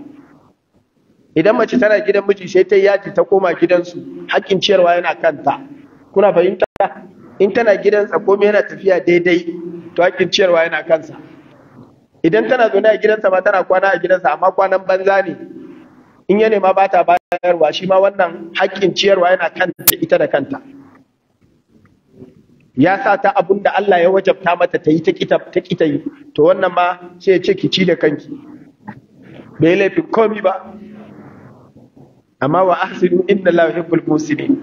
idan mace tana gidan miji sai ta yaji ta koma gidansu haƙin ciyarwa yana kanta kuna fahimta in tana gidansa komai yana tafiya daidai to haƙin ciyarwa yana kansa idan tana zaune a gidansa ma tana kwana a gidansa amma kwanan banza ne in ya nema ba ta bayarwa shi ma wannan haƙƙin ciyarwa yana kanta ita da kanta ya sa ta abun da Allah ya wajabta mata ta yi ta kita ta kita yi to wannan ma sai ya ce ki ci da kanki bai laifi komi ba amma wa ahsinu inna la yuhibbul muhsinin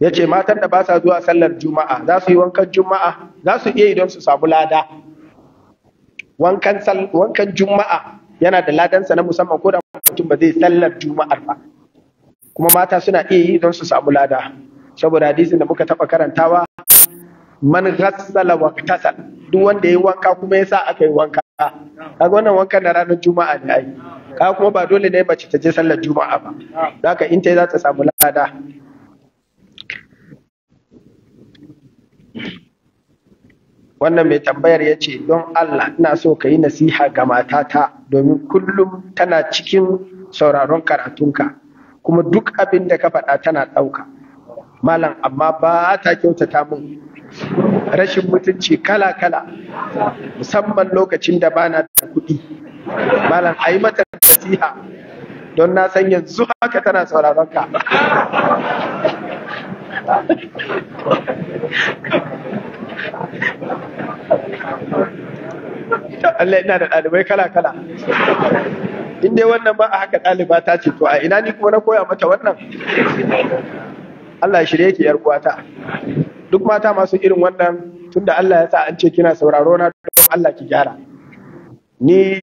ya ce matan da ba sa zuwa sallar juma'a za su yi wankan juma'a za su iya yi don su samu lada wankan juma'a yana da ladansa na musamman ko da mutum ba zai sallar juma'ar ba kuma mata suna iya yi don su samu lada saboda hadisin da muka taba karantawa man ghassala wa tasal duk wanda yayi wanka kuma yasa aka yi wanka kaga wannan wankan na ranar juma'a ne ai kaga kuma ba dole ne mace ta je sallar juma'a ba haka in ta za ta samu lada wannan mai tambayar ya ce don Allah ina so ka yi nasiha ga matata domin kullum tana cikin sauraron karatunka kuma duk abin da ka faɗa tana ɗauka malam amma ba ta kyautata mun, rashin mutunci kala-kala musamman lokacin da bana da kuɗi malam a yi mata nasiha don na san yanzu haka tana sauraron ka Allah ina da ɗalibai kala-kala in dai wannan ba a haka ɗaliba ta ce to a ina ni kuma na koya mata wannan Allah ya shirye ki yar uwata duk mata masu irin wannan tunda Allah ya sa an ce kina sauraro na Allah ki gyara ni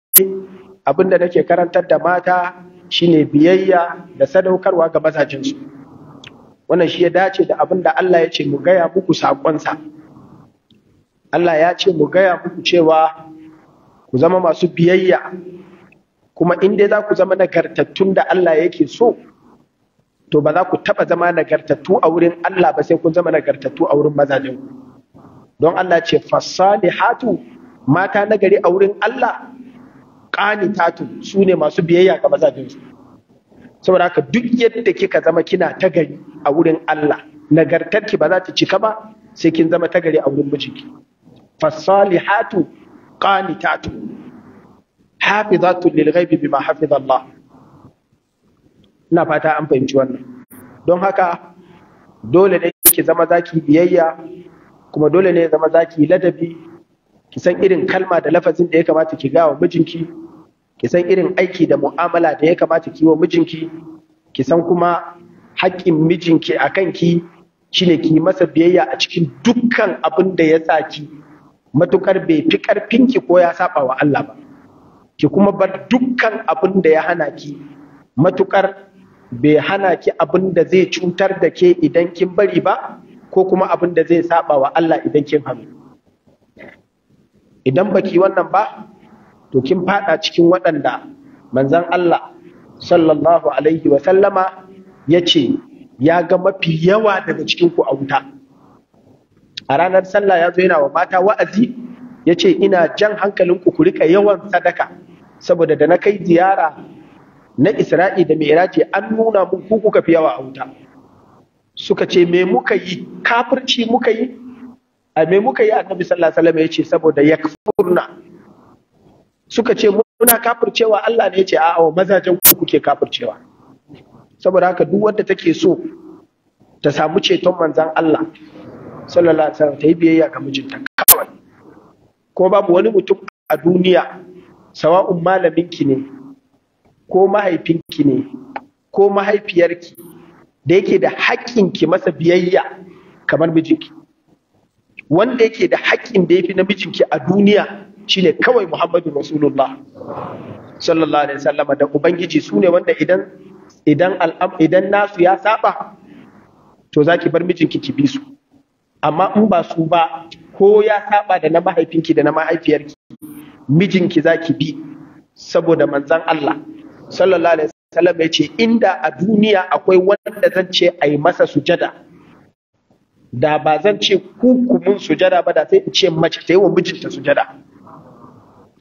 abin da nake karantar da mata shine biyayya da sadaukarwa ga mazajinsu wannan shi ya dace da abin da Allah ya ce mu gaya muku saƙonsa. Allah ya ce mu gaya muku cewa ku zama masu biyayya kuma in dai za ku zama nagartattun da Allah yake so to ba za ku taba zama nagartattu a wurin Allah ba sai kun zama nagartattu a wurin mazajen ku don Allah ce fasalihatu mata nagari a wurin Allah qanitatu su ne masu biyayya ga mazajen su saboda haka duk yadda kika zama kina ta gari a wurin Allah nagartarki ba za ta cika ba sai kin zama ta gari a wurin mijinki fasalihatu qanitatu hafizatu lil ghaibi bima hafiz Allah ina fata an fahimci wannan don haka dole ne ki zama zaki biyayya kuma dole ne zama zaki ladabi ki san irin kalma da lafazin da ya kamata ki ga wa mijinki ki san irin aiki da mu'amala da ya kamata ki wa mijinki ki san kuma haƙƙin mijinki akan ki shine ki masa biyayya a cikin dukkan abin da ya tsaki. matukar bai fi karfin ki ko ya saba wa Allah ba ki kuma bar dukkan abin da ya hana ki matukar bai hana ki abin da zai cutar da ke idan kin bari ba ko kuma abin da zai saba wa Allah idan kin hannu idan baki wannan ba to kin fada cikin waɗanda manzon Allah sallallahu alaihi wa sallama ya ce ya ga mafi yawa daga cikin ku a wuta a ranar sallah ya zo yana wa mata wa'azi ya ce ina jan hankalin ku ku rika yawan sadaka saboda da na kai ziyara na isra'i da mi'raji an nuna mun ku kuka fi yawa a wuta suka ce me muka yi kafirci muka yi a me muka yi annabi sallallahu alaihi wasallam ya ce saboda yakfurna suka ce muna kafircewa Allah ne ya ce a'a mazajen ku kuke kafircewa saboda haka duk wanda take so ta samu ceton manzon Allah sallallahu alaihi wasallam ta yi biyayya ga mijinta kawai ko babu wani mutum a duniya sawa'un malaminki ne ko mahaifinki ne ko mahaifiyarki da yake da haƙƙin ki masa biyayya kamar mijinki wanda yake da haƙƙin da yafi na mijinki a duniya shine kawai Muhammadu Rasulullah sallallahu alaihi wasallam da ubangiji sune wanda idan idan idan nasu ya saba to zaki bar mijinki ki bi su amma in ba su ba ko ya saba da na mahaifinki da na mahaifiyarki mijinki zaki bi saboda manzon Allah sallallahu alaihi wasallam ya ce inda a duniya akwai wanda zan ce a yi masa sujada da ba zan ce kukumin sujada ba da sai in ce mace ta yi wa mijinta sujada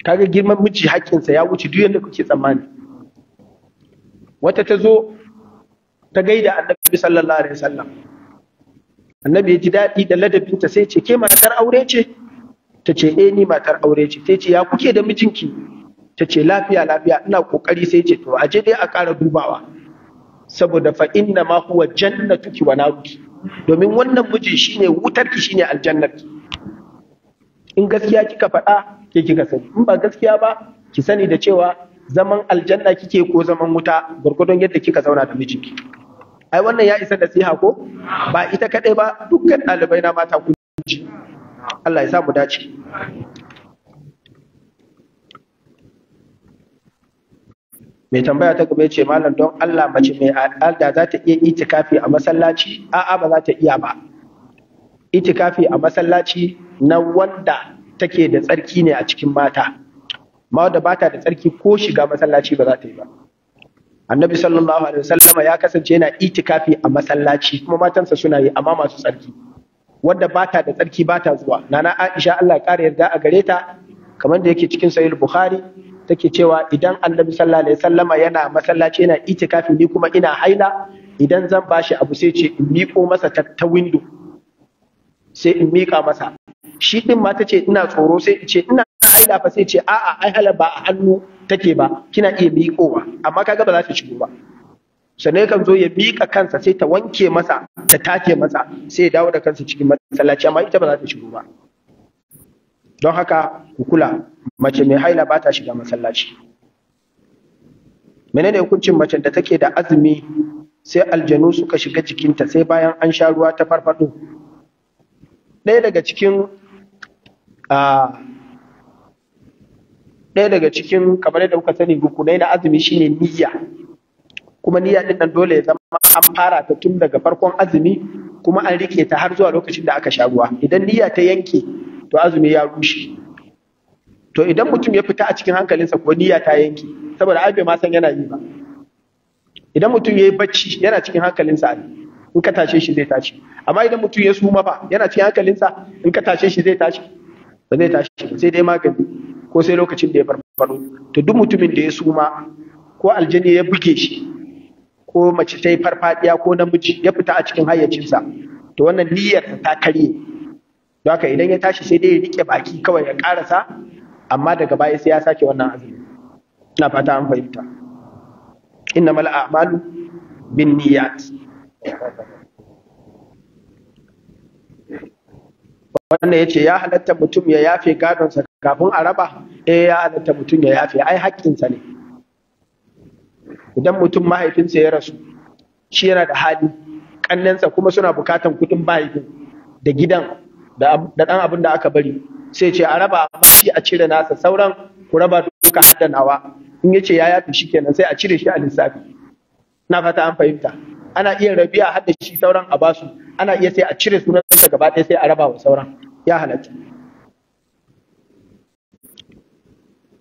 kaga girman miji haƙƙinsa ya wuce duk yadda kuke tsammani wata ta zo ta gaida annabi sallallahu alaihi wasallam annabi ya ji daɗi da ladabinta sai ce ke matar aure ce ta ce eh ni matar aure ce sai ce ya kuke da mijinki ta ce lafiya lafiya ina kokari sai ce to aje dai a ƙara dubawa saboda fa inna ma huwa jannatuki wa naruki domin wannan miji shine wutarki shine aljannarki in gaskiya kika faɗa ke kika sani in ba gaskiya ba ki sani da cewa zaman aljanna kike ko zaman wuta gwargwadon yadda kika zauna da mijinki ai wannan ya isa nasiha ko ba ita kadai ba dukkan dalibai na mata kun ji Allah ya sa mu dace mai tambaya ta gaba ce malam don Allah mace mai al'ada za ta iya itikafi a masallaci a'a ba za ta iya ba itikafi a masallaci na wanda take da tsarki ne a cikin mata ma wanda bata da tsarki ko shiga masallaci ba za ta yi ba annabi sallallahu alaihi wasallam ya kasance yana itikafi a masallaci kuma matansa suna yi amma masu tsarki wanda bata da tsarki bata zuwa nana Aisha Allah ya kare yarda a gare ta kamar da yake cikin sahih Bukhari take cewa idan annabi sallallahu alaihi wasallam yana masallaci yana itikafi ni kuma ina haila idan zan bashi abu sai ce in miƙo masa ta, ta window sai in miƙa masa shi din ma tace ina tsoro sai in ce ina haila fa sai ce a'a ai hala ba a hannu take ba kina iya miƙowa amma kaga ba za ta shigo ba sannan kan zo ya miƙa kansa sai ta wanke masa ta take masa sai ya dawo da kansa cikin masallaci amma ita ba za ta shigo ba don haka ku kula mace mai haila ba ta shiga masallaci menene hukuncin mace da take da azumi sai aljanu suka shiga jikinta sai bayan an sha ruwa ta farfado ɗaya daga cikin ah, ɗaya daga cikin kamar yadda kuka sani buku na azumi shine niyya kuma niyya din nan dole ya zama an fara ta tun daga farkon azumi kuma an rike ta har zuwa lokacin da aka sha ruwa idan niyya ta yanke to azumi ya rushe to idan mutum ya fita a cikin hankalinsa ko niyya ta yanke saboda ai bai ma san yana yi ba idan mutum ya yi bacci yana cikin hankalinsa ne in ka tashe shi zai tashi amma idan mutum ya suma ba, yana cikin hankalinsa in ka tashe shi zai tashi ba zai tashi sai dai magani ko sai lokacin da ya farfado to duk mutumin da ya suma ko aljani ya buge shi ko mace ta yi farfadiya ko namiji ya fita a cikin hayyacinsa to wannan niyyar ta karye don haka idan ya tashi sai dai ya rike baki kawai ya karasa amma daga baya sai ya sake wannan azumi ina fata an fahimta mal a'malu bin niyyat wannan ya ce ya halatta mutum ya yafe gadon gadonsa kafin a raba eh ya alanta mutum ya yafe ai haƙƙinsa ne idan mutum mahaifinsa ya rasu shi yana da hali ƙannensa kuma suna bukatan kuɗin mahaifin da gidan da ɗan abin da aka bari sai ce a raba amma shi a cire nasa sauran ku raba duka nawa. in ya ce ya yafi shi kenan sai a cire shi a lissafi na fata an fahimta ana iya rabiya hadda shi sauran a basu ana iya sai a cire sunan gaba ɗaya sai a raba wa sauran ya halatta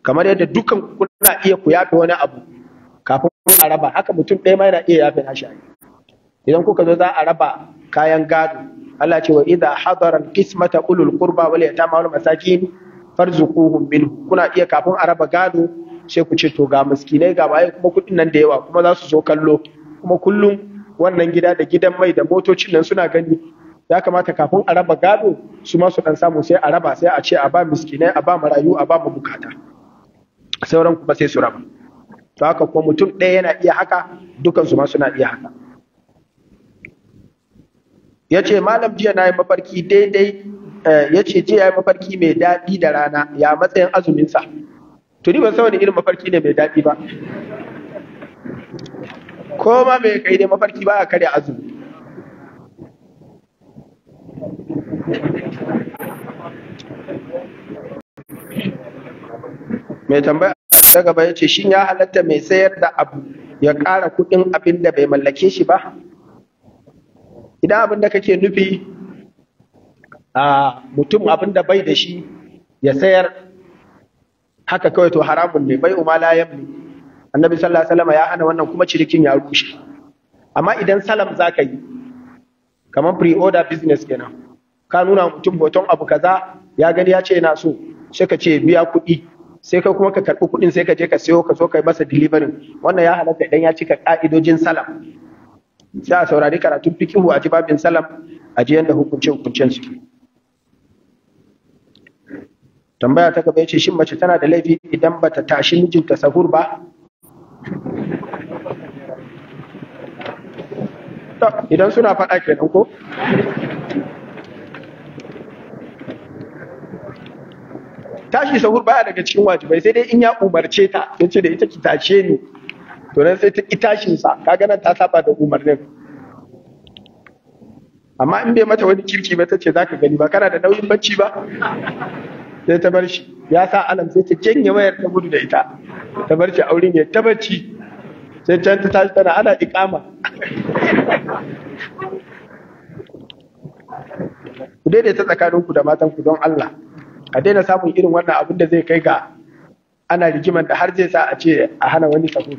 kamar yadda dukkan kuna iya ku yafe wani abu kafin a raba haka mutum ɗaya ma yana iya yafe nashi idan kuka zo za a raba kayan gado Allah ce wa idza hadara al-qismata ulul qurba wal yatama wal masakin farzuquhum min. kuna iya kafin a raba gado sai ku ce to ga miskinai ga baye kuma kudin nan da yawa kuma za su zo kallo kuma kullum wannan gida da gidan mai da motocin nan suna gani ya kamata kafin a raba gado su ma su dan samu sai a raba sai a ce a ba miskinai a ba marayu a ba mabukata sauran kuma sai su raba to haka kuma mutum ɗaya yana iya haka dukansu ma suna iya haka ya ce malam jiya na yi mafarki daidai eh, ya ce jiya ya mafarki mai daɗi da rana ya matsayin azuminsa to ni ban san wani irin mafarki ne mai daɗi ba ko ma mai kai dai mafarki ba a karya azumi mai tambaya ta gaba ya ce shin ya halatta mai sayar da abu ya ƙara kuɗin abin da bai mallake shi ba idan abin da kake nufi a mutum abin da bai da shi ya sayar haka kawai to haramun ne bai umala ne. annabi sallallahu alaihi wasallam ya hana wannan kuma cirikin ya rushe amma idan salam zaka yi kamar pre order business kenan ka nuna mutum hoton abu kaza ya gani ya ce yana so sai ka ce biya kuɗi sai kai kuma ka karɓi kuɗin sai ka je ka sayo ka so kai masa delivery wannan ya halatta idan ya cika ka'idojin salam sai a saurari karatun fikihu a ji babin salam a ji yadda hukunce hukuncen su tambaya ta gaba yace shin mace tana da laifi idan ba ta tashi mijinta sahur ba idan suna faɗa kenan ko tashi sahur baya daga cikin wajibai sai dai in ya umarce ta ya ce da ita ki tashe ni to nan sai ta ki tashin sa kaga nan ta saba da umarnin amma in bai mata wani kirki ba tace ce zaka gani ba kana da nauyin bacci ba sai ta bar shi ya sa alam sai ta janye wayar ta gudu da ita ta bar shi auren ya ta bacci sai can ta tashi tana ana ikama ku daidaita tsakaninku da matanku don Allah a daina samun irin wannan abin da zai kai ga ana rigiman da har zai sa a ce a hana wani sahur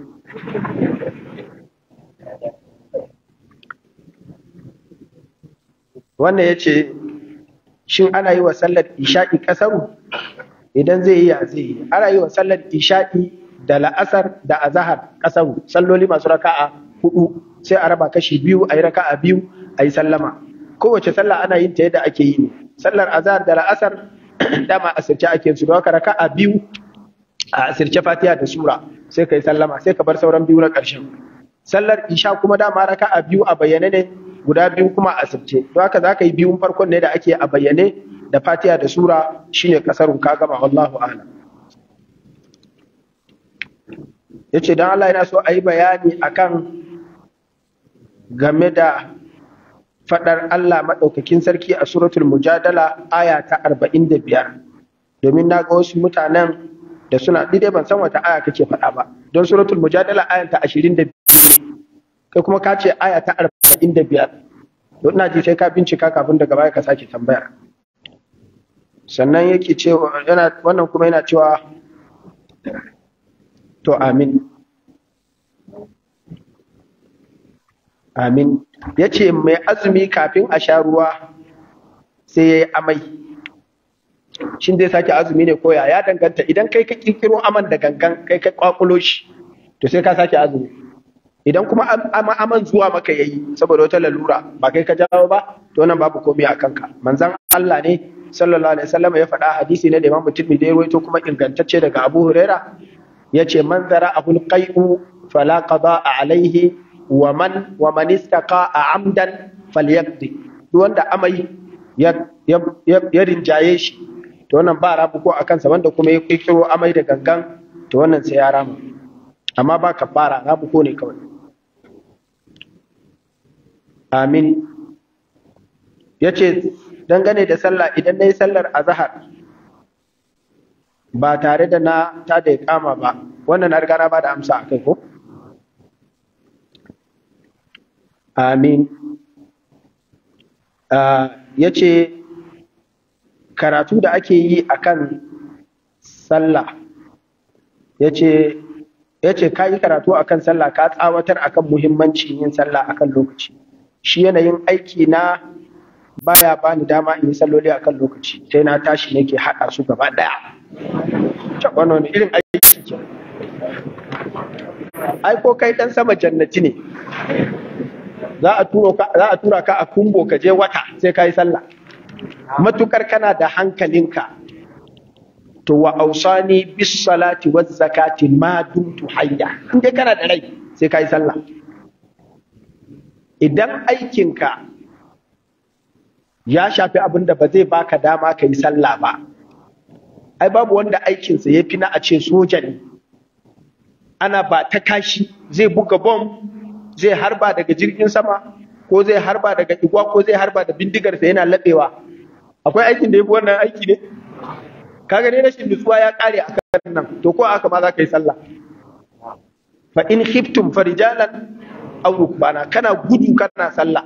wannan ya ce shin ana yi wa sallar isha'i kasaru idan zai yi zai yi ana yi wa sallar isha'i da la'asar da azahar kasaru salloli masu raka'a hudu sai a raba kashi biyu a yi raka'a biyu a yi sallama kowace sallah ana yin ta yadda ake yi sallar azahar da la'asar dama asirce ake su don raka a biyu a asirce fatiha da sura sai ka yi sallama sai ka bar sauran biyu na ƙarshen sallar isha kuma dama a biyu a bayyane ne guda biyu kuma a asirce don haka za ka yi biyun farkon ne da ake a bayyane da fatiha da sura shine kasarun ka gama wallahu a'lam yace dan Allah yana so a yi bayani akan game da fadar Allah maɗaukakin sarki a suratul mujadala aya ta arba'in da biyar domin na ga wasu mutanen da suna ɗide ban san wata aya kake faɗa ba don suratul mujadala aya ta ashirin da kai kuma ka ce aya ta arba'in da biyar don ina ji sai ka bincika kafin daga baya ka sake tambaya sannan yake cewa yana wannan kuma yana cewa to amin amin ya ce mai azumi kafin a sha ruwa sai ya yi amai shin zai sake azumi ne koya ya danganta idan kai ka kirkiro aman da gangan kai ka kwakulo shi to sai ka sake azumi idan kuma aman zuwa maka yayi saboda wata lalura ba kai ka jawo ba to nan babu komai a kanka manzan Allah ne sallallahu alaihi wasallam ya faɗa hadisi ne da Imam da ya waito kuma ingantacce daga Abu Huraira yace man zara abul qai'u fala qada'a alaihi wa man wa man a amdan falyakdi duk wanda amai ya ya rinjaye shi to wannan ba rabu ko akan sa wanda kuma ya kiro amai da gangan to wannan sai ya rama amma ba ka fara rabu ko ne kawai amin yace dangane da sallah idan nayi sallar azhar ba tare da na ta da kama ba wannan har gara ba da amsa akai ko amin ah, ya ce karatu da ake yi a kan sallah ya ce ka yi karatu a kan sallah ka tsawatar a kan muhimmancin yin sallah a kan lokaci shi yanayin aiki na baya ba ni dama in yi salloli a kan lokaci sai na tashi nake haɗa su gaba ɗaya ne irin aiki ke Aiko kai ɗan sama jannati ne za a tura ka a kumbo ka je wata sai ka yi sallah matukar kana da hankalinka to wa ausani bis salati wa zakati ma dumtu hayya in dai kana da rai sai ka yi sallah idan aikinka ya shafi abinda ba zai baka dama ka yi sallah ba ai babu wanda aikinsa ya fi na a ce soja ne ana ba ta kashi zai buga bom zai harba daga jirgin sama ko zai harba daga igwa ko zai harba da bindigar sa yana laɓewa akwai aikin da ya wannan aiki ne kaga ne rashin nutsuwa ya kare a kan nan to ko aka ma za ka yi sallah fa in khiftum farijalan aw rukbana kana gudu kana sallah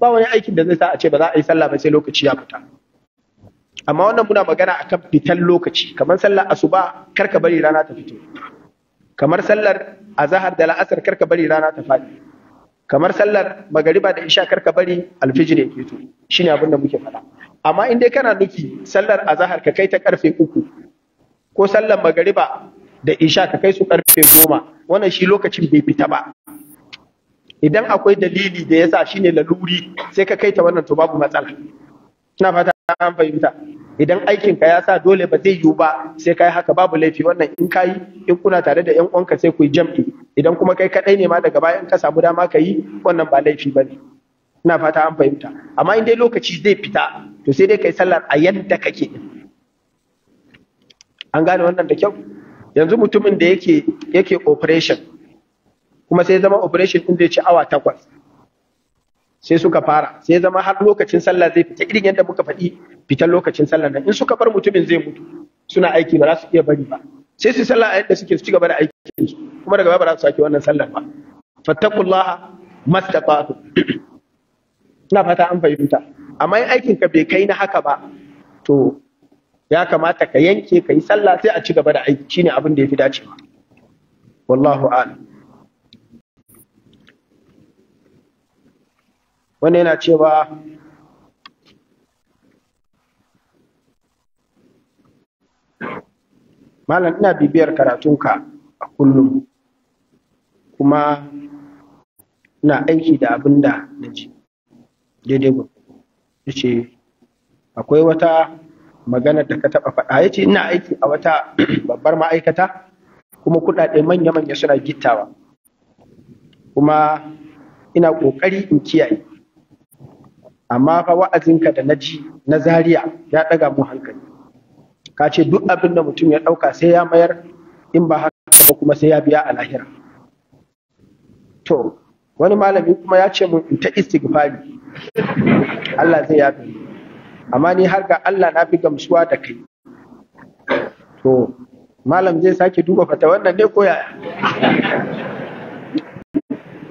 ba wani aikin da zai sa a ce ba za a yi sallah ba sai lokaci ya fita amma wannan muna magana akan fitan lokaci kamar sallar asuba kar ka bari rana ta fito kamar sallar azahar da la'asar karka bari rana ta faɗi kamar sallar magariba da isha karka bari alfijir ya keto shine abin da muke faɗa amma in dai kana nuki sallar azahar ka kai ta karfe uku ko sallar magariba da isha ka kai su karfe goma wannan shi lokacin bai fita ba idan akwai dalili da yasa shine laluri sai ka kai ta wannan to babu matsala ina fata an fahimta idan aikin ka ya sa dole ba zai yiwu ba sai kai haka babu laifi wannan in kayi in kuna tare da yan uwanka sai ku yi jam'i idan kuma kai kadai ne ma daga baya in ka samu dama ka yi wannan ba laifi ba ne. ina fata an fahimta amma in dai lokaci zai fita to sai dai kai sallar a yadda kake an gane wannan da kyau yanzu mutumin da yake yake operation kuma sai zama operation din da ya ci awa takwas sai suka fara sai zama har lokacin sallah zai fita irin yadda muka faɗi fitan lokacin sallar nan in suka bar mutumin zai mutu suna aiki ba za su iya bari ba sai su sallah a yadda suke su ci gaba da aikin su kuma daga baya ba za su sake wannan sallar ba fattakullaha mastaqatu ina fata an fahimta amma in aikin ka bai kai na haka ba to ya kamata ka yanke ka yi sallah sai a ci gaba da aiki shine abin da yafi dacewa wallahu a'lam wannan yana cewa malam ina bibiyar karatun ka a kullum kuma ina aiki da abin da na ji daidai ba ya ce akwai wata magana da ka taɓa faɗa ya ce ina aiki a wata babbar ma'aikata kuma kuɗaɗe manya-manya suna gittawa kuma ina ƙoƙari in kiyaye amma fa wa'azinka da na ji na zariya ya ɗaga mu hankali ka ce duk abin da mutum ya ɗauka sai ya mayar in ba haka kuma sai ya biya a lahira to wani malami kuma ya ce mun in ta istighfari Allah zai yafe amma ni har ga Allah na fi gamsuwa da kai to malam zai sake duba fata wannan ne ko yaya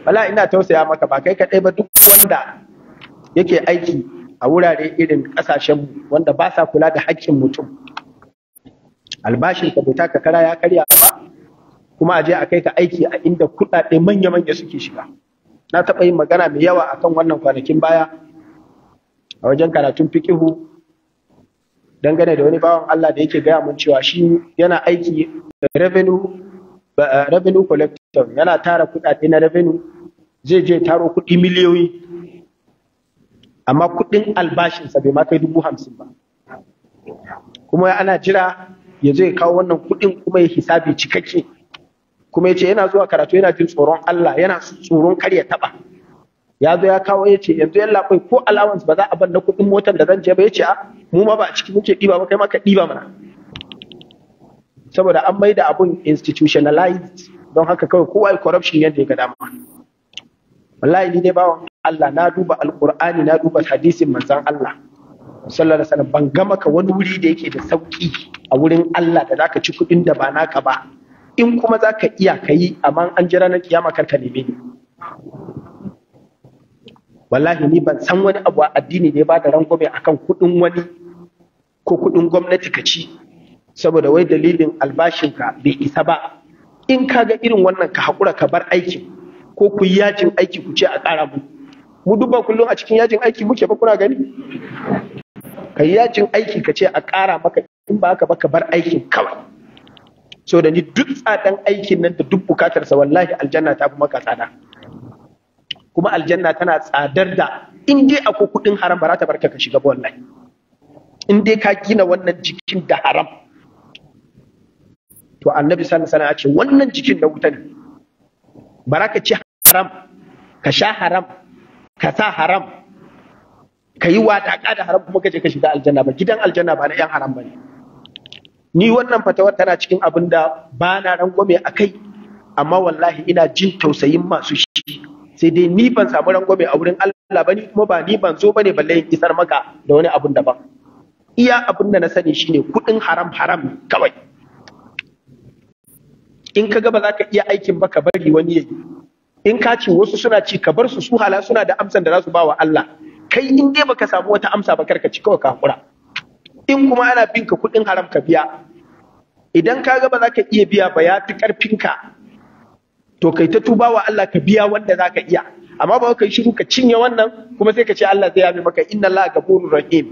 wala ina tausaya maka ba kai kaɗai ba duk wanda yake aiki a wurare irin ƙasashen wanda ba sa kula da haƙƙin mutum albashin ka bauta ka kara ya karya kuma a je a kai ka aiki a inda kuɗaɗe manya-manya suke shiga na taɓa yin magana mai yawa akan wannan kwanakin baya a wajen karatun fikihu dangane da wani bawan Allah da yake gaya mun cewa shi yana aiki revenue eh, revenue collector yana tara kuɗaɗe na revenue zai je taro kuɗi miliyoyi amma kuɗin albashinsa bai ma kai dubu hamsin ba kuma ana jira ya zo ya kawo wannan kuɗin kuma ya hisabi cikakke kuma yace yana zuwa karatu yana jin tsoron Allah yana tsoron kar ya taɓa ya zo ya kawo yace, yanzu yalla kai ko allowance ba za a bar na kuɗin motar da zan je ba ya ce a mu ma ba a ciki muke ɗiba ba kai ma ka ɗiba mana saboda an maida abun institutionalized don haka kawai kowa corruption yadda ya ga dama wallahi ni dai bawan Allah na duba alqur'ani na duba hadisin manzon Allah sallallahu alaihi wasallam ban gama ka wani wuri da yake da sauki a wurin Allah da zaka ci kuɗin da ba naka ba in kuma zaka iya kayi amma an jira na kiyama karka neme ni wallahi ni ban san wani abu a addini ne ba da rangwame akan kuɗin wani ko kuɗin gwamnati ka ci saboda wai dalilin albashinka bai isa ba in ka ga irin wannan ka haƙura ka bar aikin ko ku yi yajin aiki ku ce a ƙara mu mu duba kullum a cikin yajin aiki muke ba kuna gani ka yi yajin aiki ka ce a ƙara maka in ba haka ba bar aikin kawai so da ni duk tsadan aikin nan da duk bukatar bukatarsa wallahi aljanna ta fi maka tsada kuma aljanna tana tsadar da in dai akwai kuɗin haram ba za ta barka ka shiga wallahi in dai ka gina wannan jikin da haram to annabi sallallahu alaihi wasallam ce wannan jikin da wuta ne ba ka ci haram ka sha haram ka sa haram ka yi wadaka da haram kuma ka je ka shiga aljanna ba gidan aljanna ba na yan haram ba ni wannan fatawar tana cikin abin da ba na rangwame a kai amma wallahi ina jin tausayin masu shi sai dai ni ban samu rangwame a wurin Allah ba ni kuma ba ni ban zo ba ne balle in isar maka da wani abun daban iya abin da na sani shine kuɗin haram haram kawai in ka ga ba za ka iya aikin ba ka bari wani yayi in ka ci wasu suna ci ka bar su su hala suna da amsan da za su ba wa Allah kai in dai baka samu wata amsa ba karka ci kawai ka hakura in kuma ana bin ka kuɗin haram ka biya idan ka ga ba za ka iya biya ba ya fi ƙarfinka to kai ta tuba wa Allah ka biya wanda za ka iya amma ba kai yi shiru ka cinye wannan kuma sai ka ce Allah zai yabe maka inna Allah gaburur rahim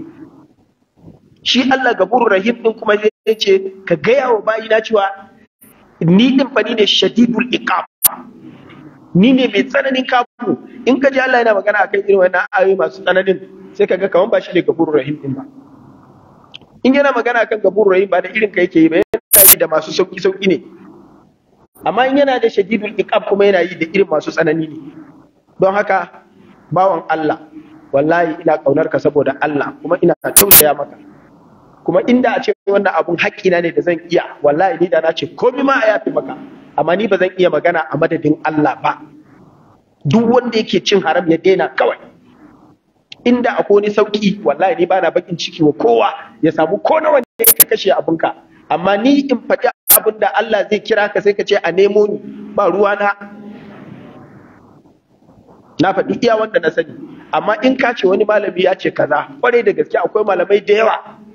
shi Allah gaburur rahim din kuma zai ce ka gaya wa bayina cewa ni din fa ni ne shadidul iqab ni ne mai tsananin kafu in ka ji Allah yana magana akan irin wannan ayoyi masu tsananin sai ka ga kaman ba shi ne gafurur rahim din ba in yana magana akan gafurur rahim ba da irin ka yake yi ba yana yi da masu sauki sauki ne amma in yana da shadidul iqab kuma yana yi da irin masu tsanani ne don haka bawan Allah wallahi ina kaunar ka saboda Allah kuma ina tausaya maka kuma inda a ce wannan abun haƙƙina ne da zan iya wallahi ni da na ce komai ma a yafi maka amma ni ba zan iya magana a madadin Allah ba duk wanda yake cin haram ya daina kawai inda akwai wani sauki wallahi ni bana bakin ciki wa kowa ya samu ko nawa ne ka kashe abinka amma ni in faɗi abin da Allah zai kira ka sai ka ce a nemo ni ba ruwa na na faɗi iya wanda na sani amma in ka ce wani malami ya ce kaza kwarai da gaske akwai malamai da yawa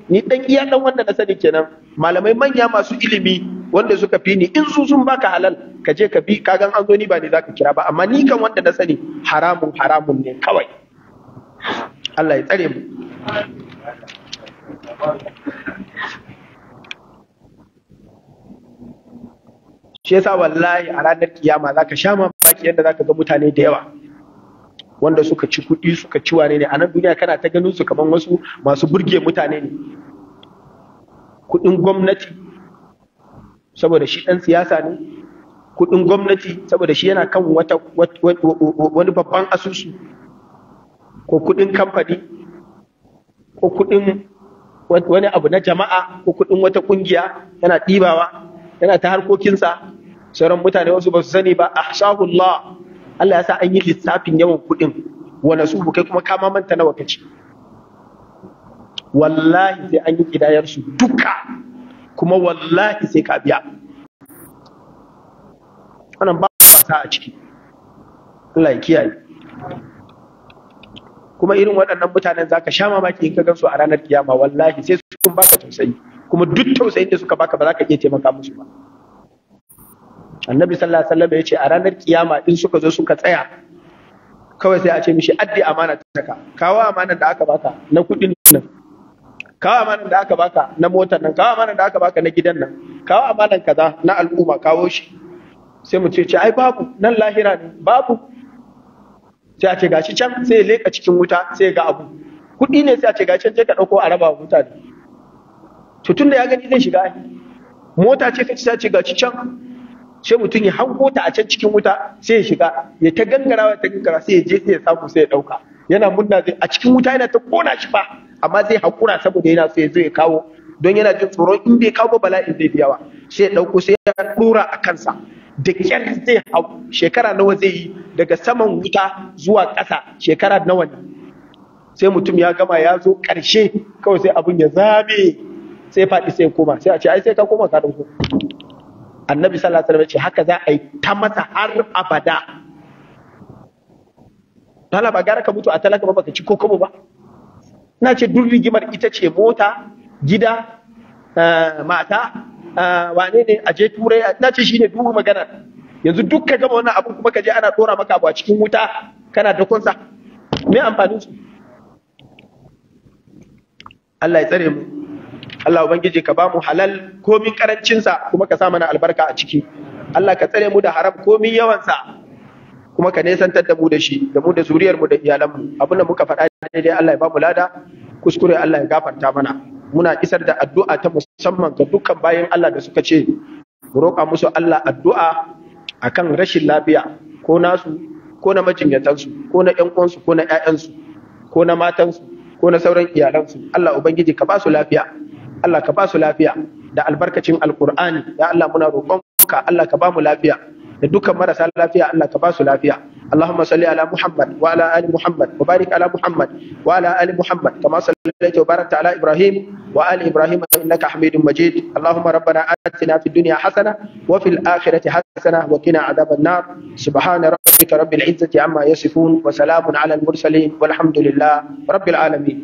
ni dan iya dan wanda na sani kenan malamai manya masu ilimi wanda suka fi ni in su sun baka halal ka je ka bi kagan an zo ni ba ne zaka kira ba amma ni kan wanda na sani haramun haramun ne kawai Allah ya tsare mu shi yasa wallahi a ranar kiyama zaka sha mamaki yadda zaka ga mutane da yawa wanda suka ci kuɗi suka ci wane ne a nan duniya kana ta ganin su kamar wasu masu burge mutane ne kuɗin gwamnati saboda shi ɗan siyasa ne kuɗin gwamnati saboda shi yana kan wata wani babban asusu ko kuɗin kamfani ko kuɗin wani abu na jama'a ko kuɗin wata ƙungiya yana ɗibawa yana ta harkokinsa sauran mutane wasu ba su sani ba a Allah ya sa an yi lissafin yawan kuɗin wani su kai kuma kama manta nawa kace wallahi sai an yi kidayar su duka kuma wallahi sai ka biya wannan ba ta a ciki Allah ya kiyaye kuma irin waɗannan mutanen zaka sha mamaki in ka gansu a ranar kiyama wallahi sai su kun baka tausayi kuma duk tausayin da suka baka ba za ka iya taimaka musu ba annabi sallallahu alaihi wasallam ya ce a ranar kiyama in suka zo suka tsaya kawai sai a ce mishi addi amana ta ka kawo amanar da aka baka na kuɗin nan kawo amanan da aka baka na motar nan kawo amanan da aka baka na gidan nan kawo amanan kaza na al'umma kawo shi sai mu ce ce ai babu nan lahira ne babu sai a ce gashi can sai ya leka cikin wuta sai ga abu kuɗi ne sai a ce gashi can sai ka ɗauko a raba wuta mutane to tunda ya gani zai shiga ai mota ce ka ci ta ce gashi can sai mutum ya hango ta a can cikin wuta sai ya shiga ya ta gangarawa ta gangara sai ya je sai ya samu sai ya ɗauka yana munna a cikin wuta yana ta kona shi fa amma zai haƙura saboda yana so ya zo ya kawo don yana jin tsoron in bai kawo bala'i zai yawa sai ya ɗauko sai ya ɗora a kansa da kyar zai hau shekara nawa zai yi daga saman wuta zuwa ƙasa shekara nawa ne sai mutum ya gama ya zo ƙarshe kawai sai abin ya zame sai faɗi sai koma sai a ce ai sai ka koma ka ɗauko annabi sallallahu alaihi wasallam ce haka za a yi ta masa har abada Allah ba gara ka mutu a talaka ba baka ci ko ba na ce duk rigimar ita ce mota gida eh, mata eh, wane ne a je turai na ce shine duk magana yanzu duk ka gama wannan abun kuma ka je ana dora maka abu a cikin wuta kana da kunsa me amfanin su Allah ya tsare mu Allah ubangiji ka ba mu halal komin karancin sa kuma ka sa mana albarka a ciki Allah ka tsare mu da haram komin yawan sa kuma ka nesantar da mu da shi da mu da zuriyar mu da iyalan mu abin da muka faɗa daidai Allah ya ba mu lada kuskure Allah ya gafarta mana muna isar da addu'a ta musamman ga dukkan bayan Allah da suka ce mu roƙa musu Allah addu'a akan rashin lafiya ko nasu ko na majinyatansu ko na ƴan uwansu ko na ƴaƴansu ko na matansu ko na sauran iyalansu Allah ubangiji ka ba su lafiya Allah ka ba su lafiya da albarkacin alqur'ani ya Allah muna roƙonka Allah ka ba mu lafiya da dukkan marasa lafiya Allah ka ba su lafiya salli ala Muhammad wa ala ala Muhammad wa ala ali Muhammad ala Ibrahim wa ali Ibrahim innaka Hamidum Majid Allahumma rabbana atina fid dunya hasana wa fil akhirati hasana wa qina nar subhana rabbika rabbil izzati amma yasifun wa salamun ala mursalin walhamdulillah rabbil alamin